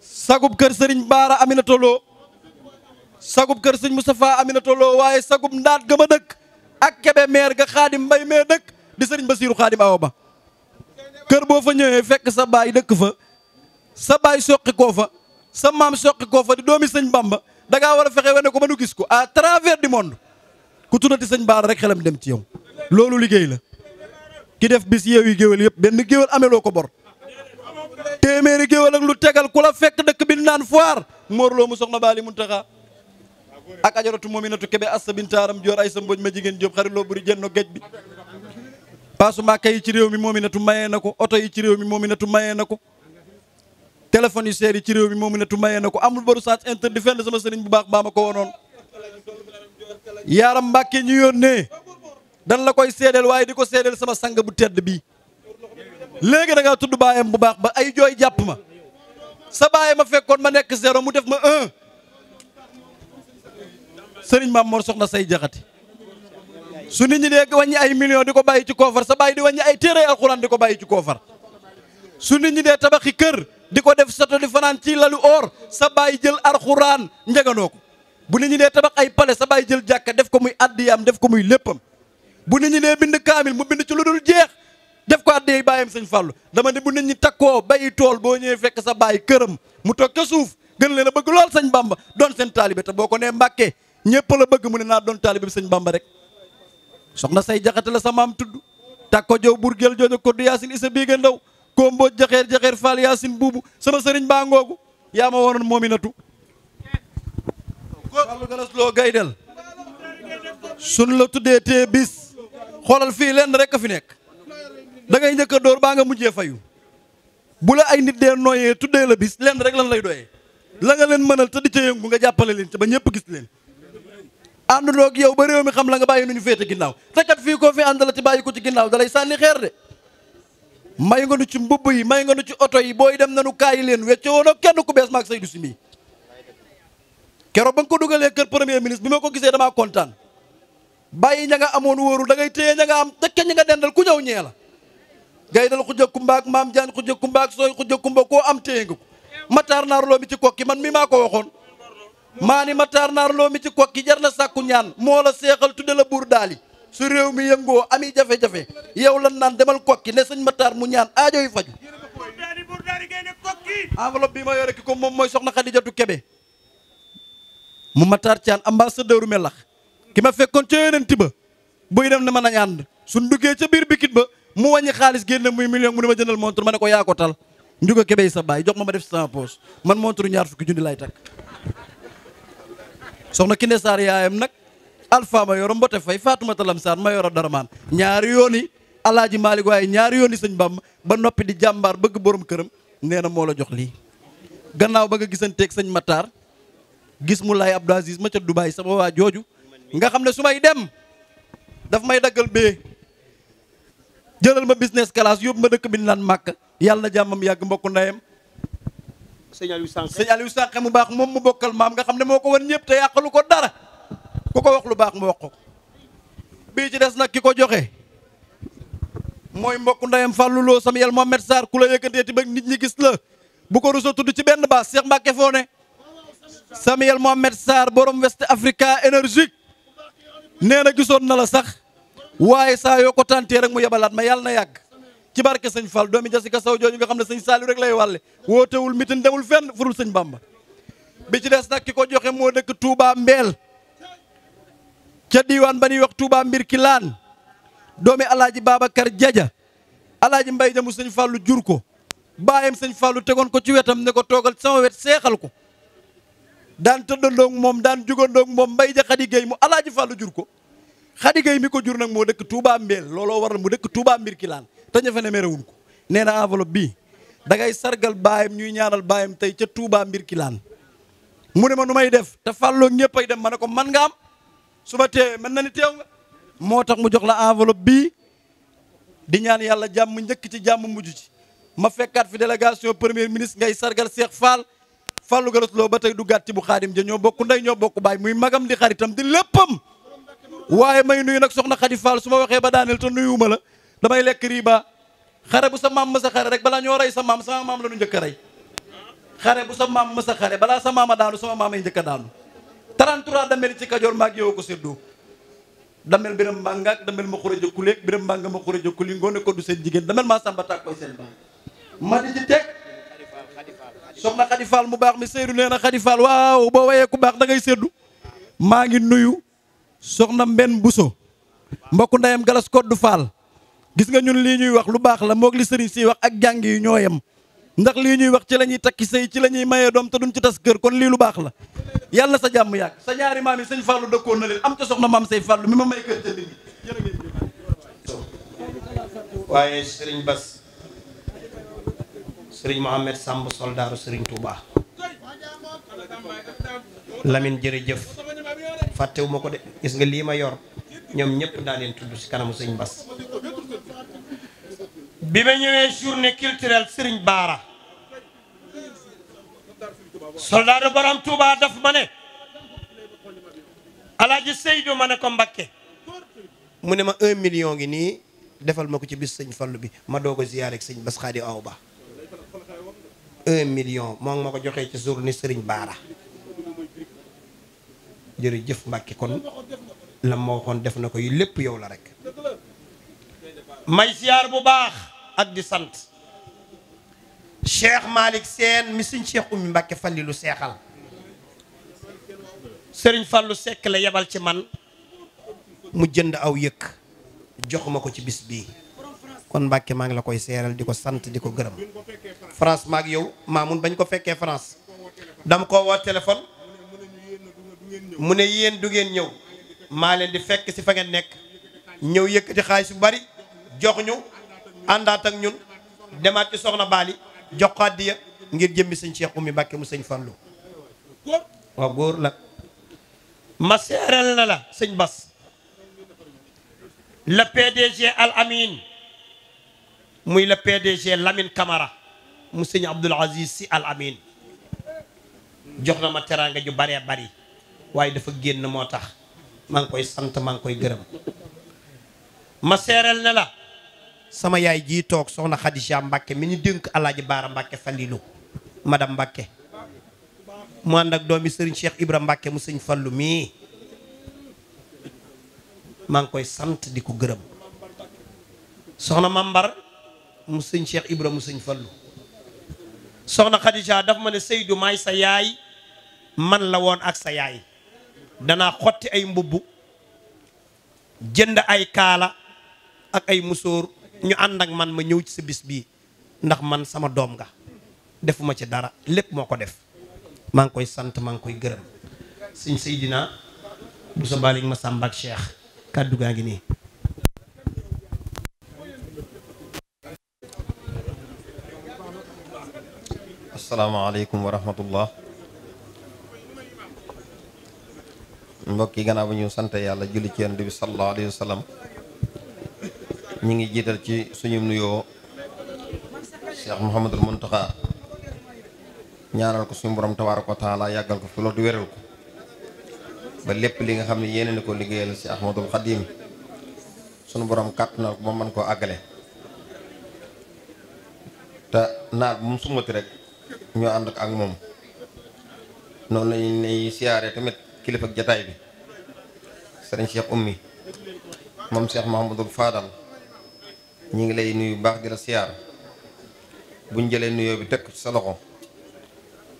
sagub kër Serigne Baara Aminata Lo sagub kër Serigne Moustapha Aminata Lo waaye sagub ndaat gëma dëkk. ak kebe meer ga xaadim mbay mee dëkk di sëriñ Basiiru xaadim awa ba kër boo fa ñëwee fekk sa baay dëkk fa sa baay soqi koo fa sa maam soqi koo fa di doomi sëñ Bamba da war a fexe wane ko ba nu gis ko à travers di monde ku tuddati sëñ Baara rek xelam dem ci yow loolu liggéey la ki def bis yeew géwél yëpp benn géwél ameloo ko bor téeméeri géwél lu tegal ku la fekk dëkk bi naan foire Mor Lo mu soxna Baali Muntaxa ak ajaratu moominatu kebe asta bintaaram joor ay sa mboj ma jigéen jóob xariloo buri jenno géej bi paasu màkka yi ci réew mi mominatu mayee na ko oto yi ci réew mi mominatu mayee na ko téléphone yu seer yi ci réew mi mominatu mayee na ko amul baru saat interdit fenn sama sëriñ bu baax baa ma ko wonoon yaaram mbàkke ñu yónnee dan la koy seedeel waaye di ko seedeel sama sang bu tedd bii léegi da tudd baayam bu baax ba ay jooy jàpp ma sa baay ma fekkoon ma nekk zéro mu def ma un sëriñ Maam Mor soxna say jaxati su nit ñi dee wàññi ay millions di ko bàyyi ci koofar sa bàyyi di wàññi ay téere alxuraan di ko bàyyi ci koofar su nit ñi dee tabaxi kër di ko def sato di fanaan ci lalu or sa bàyyi jël alxuraan njeganoo ko bu nit ñi dee tabax ay pale sa bàyyi jël jàkka def ko muy am def ko muy léppam bu nit ñi dee bind kaamil mu bind ci lu dul jeex def ko addiyay baayam sañ fàllu dama ne bu nit ñi takkoo bayi tool boo ñëwee fekk sa bàyyi këram mu toog ca suuf gën leen a bëgg lool sëñ bamba doon seen taalibe boo ko nee mbàkkee ñëpp la bëgg mu ne naa doon taalibe bi sañ Bamba rek soxna say jaxate la maam tudd takko jow bur gel joojo koddu yaasin isa biige ndaw kombo jaxeer jaxeer faal yaasin buubu sama sëriñ baa ngoogu yaa ma woonoon moominatu wàllu galas loo gaydel la tuddee tee bis xoolal fii lenn rek a fi nekk da ngay njëkk a baa nga mujjee fayu bu la ay nit dee nooyee tuddee la bis lenn rek lan lay doyee la nga leen mënal te di ca yëngu nga jàppale leen ca ba ñëpp gis leen àndandoo ak yow ba réew mi xam la nga bàyyi nuñu féete ginnaaw te kat fii koo fi àndala ci bàyyi ko ci ginnaaw dalay sànni xeer de may nga nu ci mbubb yi may nga nu ci oto yi booy dem nanu kaay leen wecce kenn ku bees maag Seydou Sy mii keroog ba nga ko dugalee kër premier ministre bi ma ko gisee damaa kontaan bàyyi ña nga amoon wóorul da ngay téye ña nga am te kenn nga dendal ku ñëw ñee la gay dal xuj a kumbaak maam jaan xuj a kumbaak sooy xuj a kumba koo am téye nga ko mataar naaruloo mi ci kokki man mi maa ko waxoon maa ni Matar Naar Lo mi ci kokki jar na sàkku ñaan moo la seexal tudde la buur daali su réew mi yëngoo ami jafe-jafe yow lan naan demal kokki ne sëñ mataar mu ñaan aajo yu faju enveloppe bi ma yore ki ko moom mooy soxna Xadijatu Kebe mu Matar sa ambassadeur melax ki ma fekkoon ca yonent ba buy dem ne ma nañ ànd suñ duggee ca biir bikit ba mu wàññi xaalis génne muy million mu ne ma jëndal montre ma ne ko yaa ko tal njuga Kebe sa baay jox ma ma def sa poche man montre ñaar fukki junni laay takk soxna Kiné Sarr yaayam nag Alpha yoro Mbote Faye faatuma Lam Sarr ma yoro Daraman ñaari yooni Alaaji Maalik waaye ñaari yooni Sëñ Bàmba ba noppi di jàmbaar bëgg boroom këram nee moo la jox lii gannaaw ba nga gisanteeg sëñ Matar gis mu lay Abdou Aziz ma ca Dubaay sama waa jooju nga xam ne su may dem daf may daggal bee jëlal ma business class yóbbu ma dëkk bi naan màkk yàlla na jàmmam yàgg mbokku ndeyam sëñ Aliou Sànq sëñ Aliou Sànq mu baax moom mu bokkal maam nga xam ne moo ko wan ñëpp te yàqalu ko dara ku ko wax lu baax mu wax bii ci des nag ki ko joxe mooy mbokk ndeyam Fallou Lo Samuel Mohamed Sarr ku la yëkkatee ti ba nit ñi gis la bu ko rusa tudd ci benn baas Cheikh Mbacke Fone Samuel Mohamed Sarr borom West Africa énergique nee na gisoon na la sax waaye saa yoo ko tàntee rek mu yabalaat ma yàlla na yàgg ci barke sëñ Fall doomi Jasika Sow jooju nga xam ne sëñ Saliou rek lay wàlle wootewul mitin demul fenn furul sëñ Bamba bi ci des nag ki ko joxe moo dëkk Touba Mbeel ca diwaan ba ñuy wax Touba mbir ki laan doomi alaaji Babacar Jaja alaaji Mbay jamu sëñ Fallu jur ko baayam sëñ Fallu tegoon ko ci wetam ne ko toogal sama wet seexal ko daan tëddandoog moom daan jugandoog moom mbay ja Xadi mu alaaji Fallu jur ko Xadi Géey mi ko jur nag moo dëkk Touba Mbeel looloo waral mu dëkk Touba mbir ki te ña fa ne merewul ko nee na enveloppe bii da sargal baayam ñuy ñaanal baayam tey ca Touba mbir ki mu ne ma nu may def te fàlloo ñëpp ay dem ma ne ko man nga am su ma teewee mën na ni teew nga moo tax mu jox la enveloppe bii di ñaan yàlla jàmm njëkk ci jàmm mujj ci ma fekkaat fi délégation premier ministre ngay sargal Cheikh Fall Fallou Gallas Lo ba tey du gàtti bu xaadim ja ñoo bokk ndey ñoo bokku baay muy magam di xaritam di léppam waaye may nuyu nag soxna Khady Fall su ma waxee ba daaneel te nuyuwuma la damay lekk riba xare bu sa maam mës a xare rek balaa ñoo rey sa maam sama maam la ñu njëkk a rey xare bu sa maam mës balaa sa maam a daanu sama maam ay njëkk a daanu 33 damel ci kajoor maag yow ko séddoo damel biram mbànga ak damel ma xurëja kuleeg biram mbànga ma xurëja kuli ngoone ko du seen jigéen damel maa sàmba tàg koy seen baax ma di teg soxna Xadi Faal mu baax mi Seydou nee na Xadi Faal waaw boo wayee ku baax da ngay séddu maa ngi nuyu soxna Mbenn Buso mbokku ndeyam Galas Koddu Faal gis nga ñun lii ñuy wax lu baax la moog li sëriñ siy wax ak jàng yi ñoo yem ndax lii ñuy wax ci la ñuy takki sëy ci la ñuy mayee doom te duñ ci tas kër kon lii lu baax la yàlla sa jàmm yàgg sa ñaari maam yi sëñ Fallou dëkkoon na leen am ca soxna maam say Fallou mi ma may kër ca nit ñi waaye sëriñ Bas sëriñ Mohamed sàmb soldaaru sëriñ Touba Lamine jërëjëf fàttewuma ko de gis nga lii ma yor ñoom ñëpp daa tudd ci kanamu sëñ Bass bi ma ñëwee journée culturelle Serigne Baara soldaatu borom Touba daf ma ne Alaaji Seydou ma ne ko Mbakke mu ne ma un million ngi nii defal ma ko ci bis sëñ Fallu bi ma doo ko ziyaar ak sëñ Bass Xaadi aw ba un million moom ma ko joxee ci journée sëriñ Baara jërëjëf Mbakke kon la ma waxoon def na ko yi lépp yow la rek may siyaar bu baax ak di sant Cheikh Malick Sène mi suñ Cheikh Oumy Mbacké Fallilu seexal sëriñ Fallou Seck la yebal ci man mu jënd aw yëkk jox ko ci bis bii kon Mbacké maa ngi la koy seeral di ko sant di ko gërëm France maag yow Mamoun bañ ko fekkee France dama ko woo téléphone mu ne yéen du ngeen ñëw maa leen di fekk si fa ngeen nekk ñëw yëkkati xaalis bu bari jox ñu àndaat ak ñun demaat ci soxna Baali jox ko àddiya ngir jëmmi sëñ Cheikh Oumy Mbacké mu sëñ Fallou waaw góor la ma seeral na la sëñ Bas le PDG Al Amin muy le PDG Lamine Camara mu sëñ Abdoul Aziz si Al Amin jox na ma teraanga ju baree bari waaye dafa génn moo tax maa ngi koy sant maa ngi koy gërëm ma seeral ne la sama yaay jii toog soxna Khadija Mbacke mi ñu dënk alaaji Baara Mbacke Fallilu madame Mbacke mu ànd ak doomi sëriñ Cheikh Ibra Mbacke mu sëñ Fallu mii maa ngi koy sant di ko gërëm soxna Mambar mu sëñ Cheikh Ibra mu sëñ Fallu soxna Khadija daf ma ne Seydou maay sa yaay man la woon ak sa yaay danaa xotti ay mbubb jënd ay kaala ak ay musóor ñu ànd ak man ma ñëw ci sa bis bii ndax man sama doom nga defuma ci dara lépp moo ko def maa ngi koy sant maa ngi koy gërëm sëñ Seydina bu sa balig ma sàmba ak Cheikh kàddu gaa ngi nii asalaamaaleykum wa rahmatullah mbokk yi gannaaw ba ñu sant yàlla julli ci yonent bi sallallahu ngi jiital ci suñu nuyoo Cheikh Mouhamadul Mountakha ñaanal ko suñu borom tabaaraka wa taala yàggal ko fi loolu wéral ko ba lépp li nga xam ne yéene na ko liggéeyal si Ahmadul Xadim suñu borom kàttanal ko ba mën koo àggale te naat bu mu sumbati rek ñoo ànd ak moom noonu lañuy siyaare tamit kilifa ak jataay bi sëriñ Cheikh Oumy moom Cheikh Mouhamadul Fadal ñu ngi lay nuyu baax di la siyaar buñ jëlee nuyoo bi teg ci sa loxo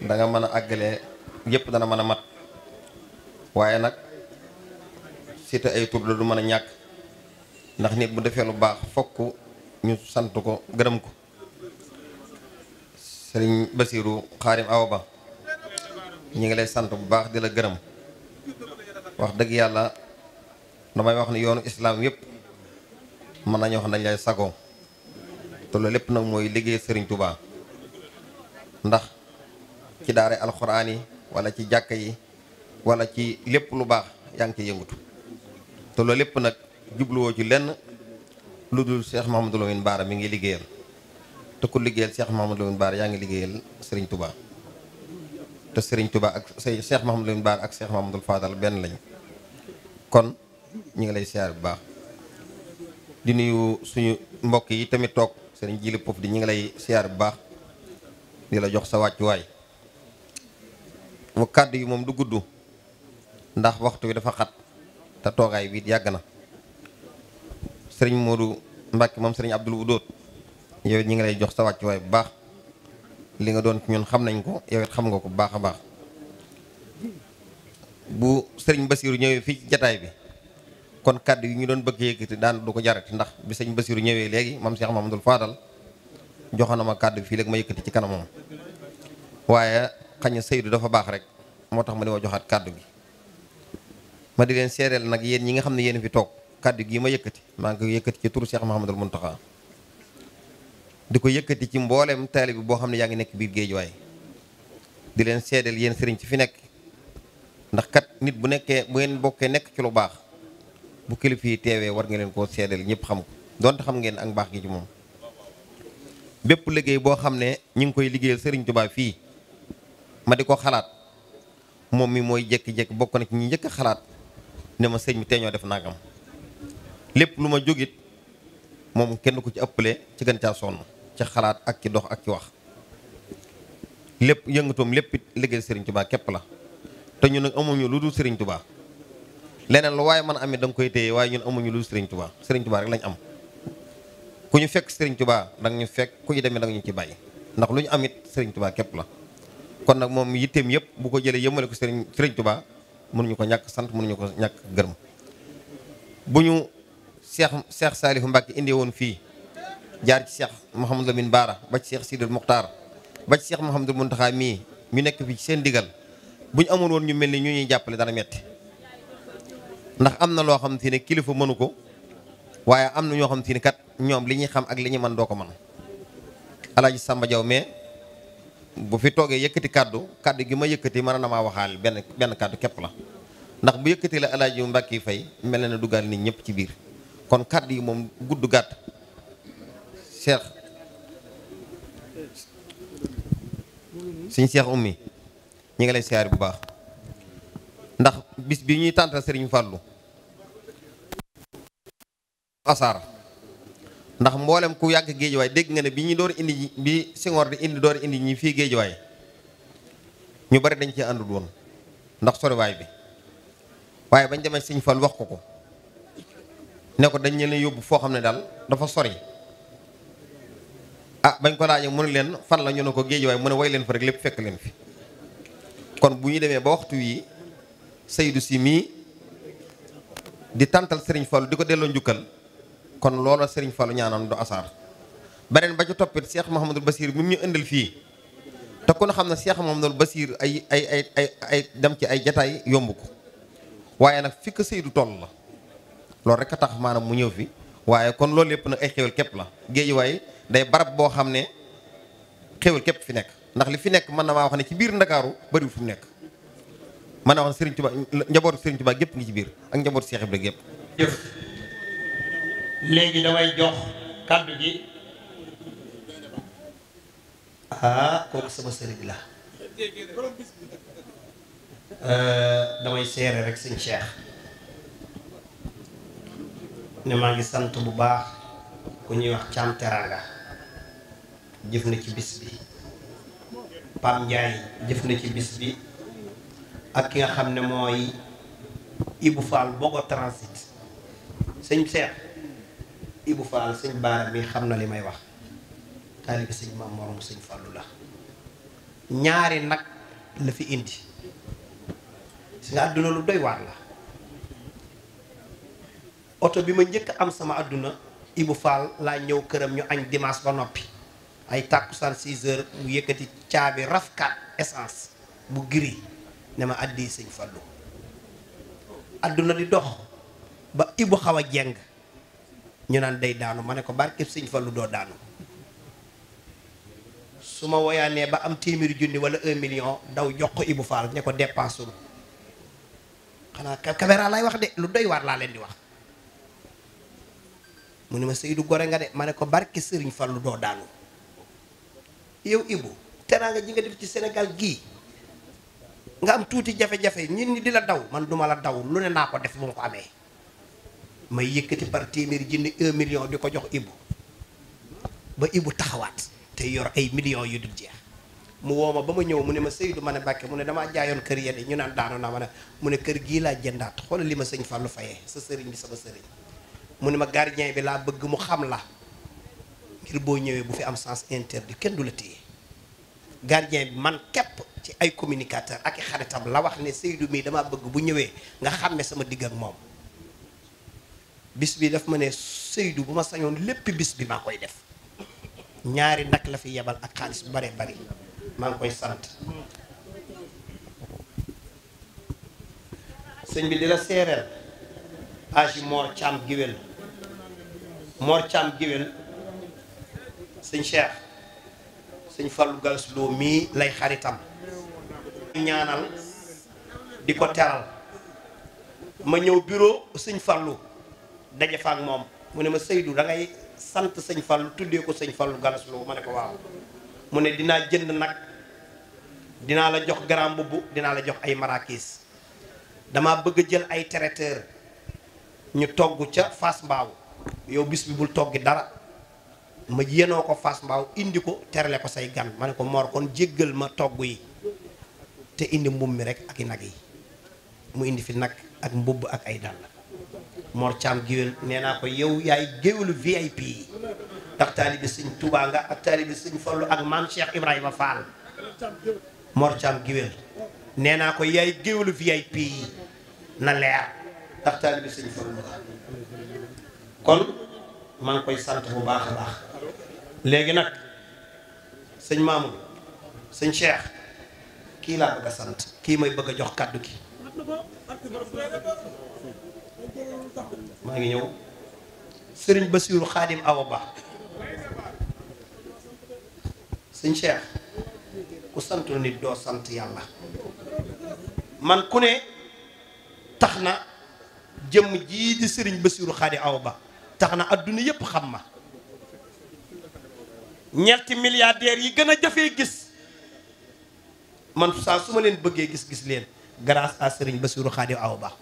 da nga mën a àggalee yépp dana mën a mat waaye nag cité ay tur la du mën a ñàkk ndax nit bu defee lu baax fokk ñu sant ko gërëm ko sëriñ Basiiru Xaarim Awa Ba ñu ngi lay sant bu baax di la gërëm wax dëgg yàlla damay wax ni yoonu islaam yëpp mën nañu wax dañ lay sago te lépp nag mooy liggéey sëriñ tubaa ndax ci daare alxuraan yi wala ci jàkk yi wala ci lépp lu baax yaa ngi ci yëngutu te loolu lépp nag jubluwoo ci lenn lu dul Cheikh Mouhamadou Lamine Bara mi ngi liggéeyal te ku liggéeyal Cheikh Mouhamadou Lamine Bara yaa ngi liggéeyal sëriñ tubaa te Serigne Touba ak say Cheikh Mouhamadou Lamine Bara ak Cheikh Mouhamadou Fadal benn lañu kon ñu ngi lay siyaar bu baax di nuyu suñu mbokk yi tamit toog Serigne Jili Pof di ñu ngi lay siyaar bu baax di la jox sa wàccuwaay mu kàddu yi moom du gudd ndax waxtu wi dafa xat te toogaay bi yàgg na Serigne Modou Mbacke moom Serigne Abdoul Wudoot yow ñu ngi lay jox sa wàccuwaay bu baax. li nga doon ñun xam nañ ko yow xam nga ko bu baax a baax bu sëriñ Basiiru ñëwee fii jataay bi kon kàddu yi ñu doon bëgg yëkkati daan du ko jarati ndax bi sëriñ Basiiru ñëwee léegi seex Cheikh Mamadou Fadal joxoon na ma kàdd bi fii léegi ma yëkkati ci kanamam waaye xañ na Seydou dafa baax rek moo tax ma di ma joxaat kàddu gi ma di leen seereel nag yéen ñi nga xam ne yéen fi toog kàddu gii ma yëkkati maa ngi ko yëkkati ci turu Cheikh Mahamadul Muntaxa di ko yëkkati ci mbooleem bi boo xam ne yaa ngi nekk biir géejuwaay di leen seedeel yéen sëriñ ci fi nekk ndax kat nit bu nekkee bu bokkee nekk ci lu baax bu kilifa yi teewee war nga leen koo seedeel ñëpp xam ko donte xam ngeen ak baax gi ci moom bépp liggéey boo xam ne ñu ngi koy liggéeyal sëriñ Tuubaa fii ma di ko xalaat moom mi mooy jékki bokk na njëkk a xalaat ne ma sëñ teeñoo def nangam lépp lu ma jógit moom kenn ko ci ëpple ci gën caa sonn ci xalaat ak ci dox ak ci wax lépp yëngatoom lépp it liggéey sëriñ tubaa képp la te ñun nag amuñu lu dul Serigne Touba leneen lu mën a amit koy téye waaye ñun amuñu lu dul Serigne Touba Serigne Touba rek lañ am ku ñu fekk Serigne Touba danga ñu fekk ku ñu demee da ñu ci bàyyi ndax lu ñu am it Serigne Touba képp la kon nag moom yitteem yëpp bu ko jëlee yëmale ko Serigne Serigne Touba mënuñu ko ñàkk sant mënuñu ko ñàkk gërëm bu ñu Seex Seex Saalihu Mbàkke indi woon fii jaar ci Cheikh Mouhamadou Lamine Baara ba ci Cheikh Sidil Muxtaar ba ci Cheikh Mouhamadou Mountakha mii ñu nekk fii ci seen digal bu ñu amoon woon ñu mel ni ñu ñuy jàppale dana metti ndax am na loo xam te ne kilifa mënu ko waaye am na ñoo xam te ne kat ñoom li ñuy xam ak li ñu mën doo ko man alaaji Samba Diaw mais bu fi toogee yëkkati kàddu kàddu gi ma yëkkati mën na maa waxaal benn benn kàddu képp la ndax bu yëkkati la alaaji Mbàkke Fay mel na ne duggaal nit ñëpp ci biir kon kàddu yi moom gudd gàtt seex suñu seex ummi ñi ngi lay siyaar bu baax ndax bis bi ñuy tàntal sëriñ Fàllu asaar ndax mboolem ku yàgg géejuwaay dégg nga ne bi ñuy door indi bi Senghor di indi indi ñi fii géejuwaay ñu bari dañ ci àndu woon ndax soriwaay bi waaye bañ demee sëñ Fall wax ko ko ne ko dañ leen yóbbu foo xam ne daal dafa sori ah bañ ko laajee mu ne leen fan la ñu ne ko géej waaye mu ne way leen fa rek lépp fekk leen fi kon bu ñu demee ba waxtu wi Seydou si mii di tàntal sëriñ Fallou di ko delloo njukkal kon loola sëriñ Fallou ñaanoon du asaar beneen ba ci toppit seex Mouhamadul Basir mi mu ñu indil fii te kon xam ne seex Mouhamadul Basir ay ay ay ay dem ci ay jataay yomb ko waaye nag fi ko Seydou toll la loolu rek a tax maanaam mu ñëw fi waaye kon loolu lépp nag ay xéwal képp la géej day barab boo xam ne xéwal képp fi nekk ndax li fi nekk mën na maa wax ne ci biir ndakaaru bëriwul fu mu nekk mën naa wax ne Serigne Touba njabootu Serigne Touba gépp ci biir ak njabootu Cheikh gépp jëf léegi damay jox kàddu gi ah kooku sama sëriñ la euh, damay seere rek sëñ Cheikh ne maa ngi sant bu baax ku ñuy wax Thiam Teranga jëf na ci bis bi Pam Ndiaye jëf na ci bis bi ak ki nga xam ne mooy Ibou Fall Bogo transit sëñ Seex Ibou Fall sëñ Baara mi xam na li may wax taalibi sëñ Maam Moroom sëñ Fàllu la ñaari nag la fi indi si nga àdduna lu doy waar la oto bi ma njëkk am sama àdduna Ibou Fall laa ñëw këram ñu añ dimaas ba noppi ay tàkkusaan 6 heures mu yëkkati caabi rafkat essence bu giri ne ma addi sëñ Fallou àdduna di dox ba ibu xaw a jeng ñu naan day daanu ma ne ko barkeb sëñ Fallou doo daanu su ma woyaanee ba am téeméeri junni wala un million daw jox ko Ibou Fall ne ko dépense xanaa caméra lay wax de lu doy waar laa leen di wax mu ne ma Seydou Gore nga de ma ne ko barke sëriñ fallu doo daanu yow Ibou teraanga ji nga def ci senegal gii nga am tuuti jafe-jafe ñun ñi di la daw man duma la daw lu ne naa ko def bu ma ko amee ma yëkkati par téeméeri junni un million di ko jox Ibou ba Ibou taxawaat te yor ay millions yu dul jeex mu woo ma ba ma ñëw mu ne ma Seydou ma ne Mbàkke mu ne damaa jaayoon kër ya de ñu naan daanu naa ma ne mu ne kër gii laa jëndaat xoolal li ma sëñ Fallou fayee sa sëriñ bi sama sëriñ mu ne ma gardien bi laa bëgg mu xam la ngir boo ñëwee bu fi am sens interdit kenn du la téye gardien bi man képp ci ay communicateur ak i xaritam la wax ne Seydou mii dama bëgg bu ñëwee nga xam ne sama digg ak moom bis bi daf ma ne Seydou bu ma sañoon lépp bis bi maa koy def ñaari nag la fi yebal ak xaalis bu bare bari maa ngi koy sant sëñ bi di la seereel agi Mor Thiam Géwél Mor Thiam Géwél sëñ Cheikh sëñ Fallou Galass mii lay xaritam ñaanal di ko teral ma ñëw bureau sëñ Fallou daje fa moom mu ne ma Seydou da ngay sant sëñ Fallou tuddee ko sëñ Fallou Galass ma ne ko waaw mu ne dinaa jënd nag dinaa la jox grand mbubb dinaa la jox ay marakis damaa bëgg a jël ay traiteur ñu togg ca Fass Mbao yow bis bi bul toggi dara ma yénoo ko fas mbaaw indi ko terale ko say gan ma ne ko Mor kon jéggal ma togg yi te indi mbubb mi rek ak i nag yi mu indi fi nag ak mbubb ak ay dàll Mor Thiam géwél nee naa ko yow yaay géwélu VIP yi ndax taalibi Ibrahima Fall Mor géwél nee naa ko yaay géwélu VIP yi na leer ndax taalibi sëñ Fallu nga kon maa ngi koy sant bu baax a léegi nag sëñ Mamour sëñ Cheikh kii laa bëgg sant kii may bëgg a jox kàddu gi maa ngi ñëw sëriñ Basiiru Xaadim Awa Ba sëñ Cheikh ku santul nit doo sant yàlla man ku ne tax na jëmm jii di sëriñ Basiiru Xaadim Awa Ba tax na àdduna yépp xam ma ñetti milliardaires yi gën a jafee gis man saa su ma leen bëggee gis-gis leen grâce sëriñ Serigne Bassirou Khadim Awa Ba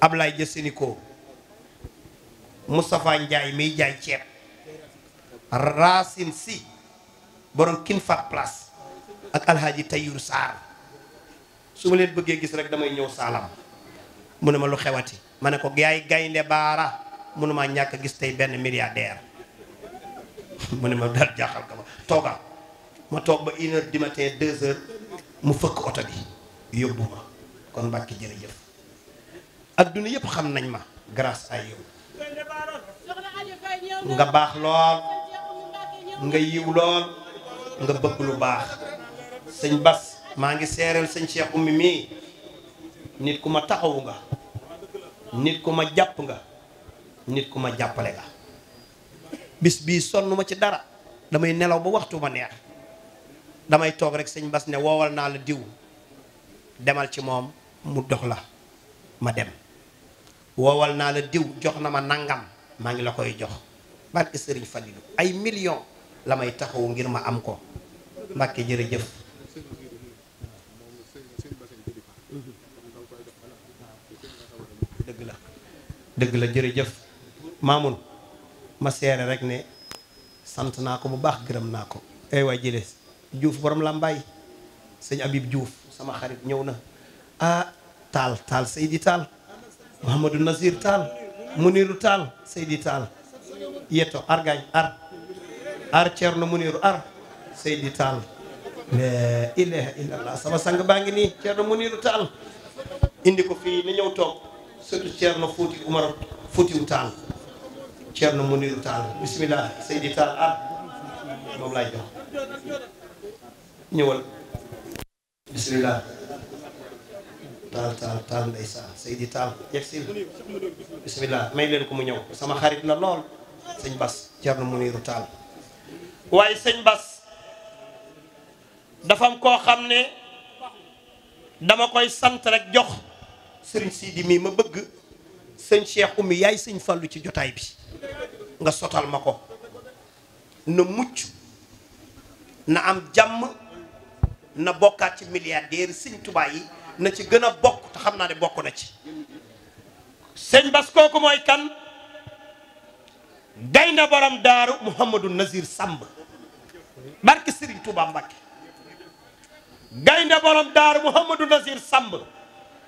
Ablaye Jëseniko Moustapha Ndiaye miy jaay ceeb Racine Sy borom kin fat place ak alhaaji Tayyur Sarr su ma leen bëggee gis rek damay ñëw saalam mu ne ma lu xewati ma ne ko yaay gaynde baara mënumaa ñàkk a gis tey benn milliardaire mu ne ma daal jaaxal ka ma toogal ma toog ba une heure du matin deux heures mu fëkk oto bi yóbbu ma kon Mbàkke jërëjëf adduna yëpp xam nañ ma grâce à yow nga baax lool nga yiw lool nga bëgg lu baax sëñ Bas maa ngi seereel sëñ Cheikh Oumy mii nit ku ma taxawu nga nit ku ma jàpp nga nit ku ma jàppale nga bis bii sonn ma ci dara damay nelaw ba waxtu ma neex damay toog rek sëñ Bas ne woowal naa la diw demal ci moom mu dox la ma dem woowal naa la diw jox na ma nangam maa ngi la koy jox barke sëriñ Falilu ay million la may taxawu ngir ma am ko Mbàkke jërëjëf dëgg la dëgg la jërëjëf Maamun ma seere rek ne sant naa ko bu baax gërëm naa ko ay waay jële Diouf borom làmbaay sëñ Habib Diouf sama xarit ñëw na ah taal taal Seydi taal Mouhamadou Nazir taal Muniru taal Seydi taal yeto ar gaañ ar ar Ceerno Muniru ar Seydi taal la ilaha illallah sama sang baa ngi nii Ceerno Muniru taal indi ko fii ni ñëw toog surtout Ceerno Fuuti Umar Fuutiwu taal Thierno Mounir Tall bisimilah Seydi Tall ah moom laay jox ñëwal bisimilah Tall Tall Tall ndeysaan Seydi Tall yegg si bisimilah may leen ko mu ñëw sama xarit la lool sëñ Bas Thierno Mounir Tall waaye sëñ Bas dafa am koo xam ne dama koy sant rek jox sëriñ Sidi mii ma bëgg sëñ Cheikh Oumy yaay sëñ Fallou ci jotaay bi nga sotal ma ko na mucc na am jàmm na bokkaat ci milliardaire sëñ Tuubaa yi na ci gën a bokk te xam naa ni bokk na ci sëñ Bas kooku mooy kan gaynde borom daaru Mouhamadou Nazir Samb barki Serigne Touba Mbakke gaynde borom daaru Mouhamadou Nazir Samb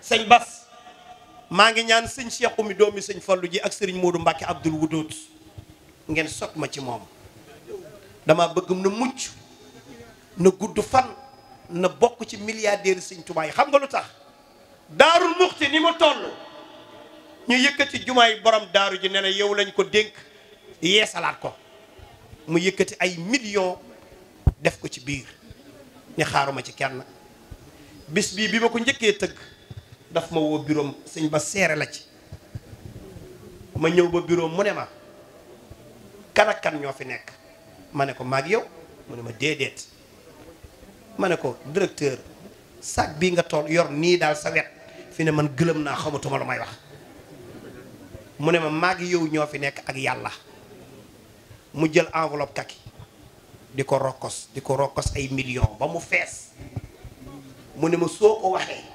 sëñ Bas maa ngi ñaan sëñ Cheikh Oumy doomi sëñ Fallu ji ak sëriñ Modou Mbacke Abdoul Wudoot ngeen sot ma ci moom dama bëgg na mucc na gudd fan na bokk ci milliardaire sëñ Touba yi xam nga lu tax daarul muxti ni mu toll ñu yëkkati jumaay borom daaru ji ne na yow lañ ko dénk yeesalaat ko mu yëkkati ay millions def ko ci biir ni xaaruma ci kenn bis bii bi ma ko njëkkee tëgg daf ma woo bureau sëñ ba seere la ci ma ñëw ba bureau mu ne ma kan kan ñoo fi nekk ma ne ko maag yow mu ne ma déedéet ma ne ko directeur sac bii nga tool yor nii daal sa wet fi ne man gëlëm naa xamatuma lu may wax mu ne ma maag yow ñoo fi nekk ak yàlla mu jël enveloppe kaki di ko rokkos di ko rokkos ay millions ba mu fees mu ne ma soo ko waxee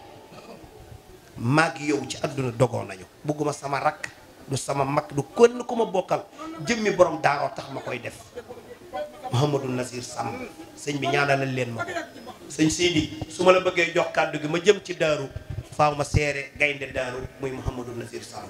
maag yow ci àdduna dogoo nañu bëgguma sama rakk du sama mag du kenn ku ma bokkal jëmmi borom daaroo tax ma koy def Mouhamadou Nazir Samb sëñ bi ñaanalal leen ma ko sëñ Sidi su ma la bëggee jox kàddu gi ma jëm ci daaru faaw ma seere gaynde daaru muy Mouhamadou Nazir Samb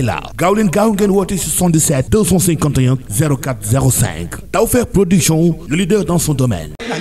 est là gaaw leen gaaw ngeen woote 77 251 04 05 Tawfekh Production le leader dans son domaine. Ah,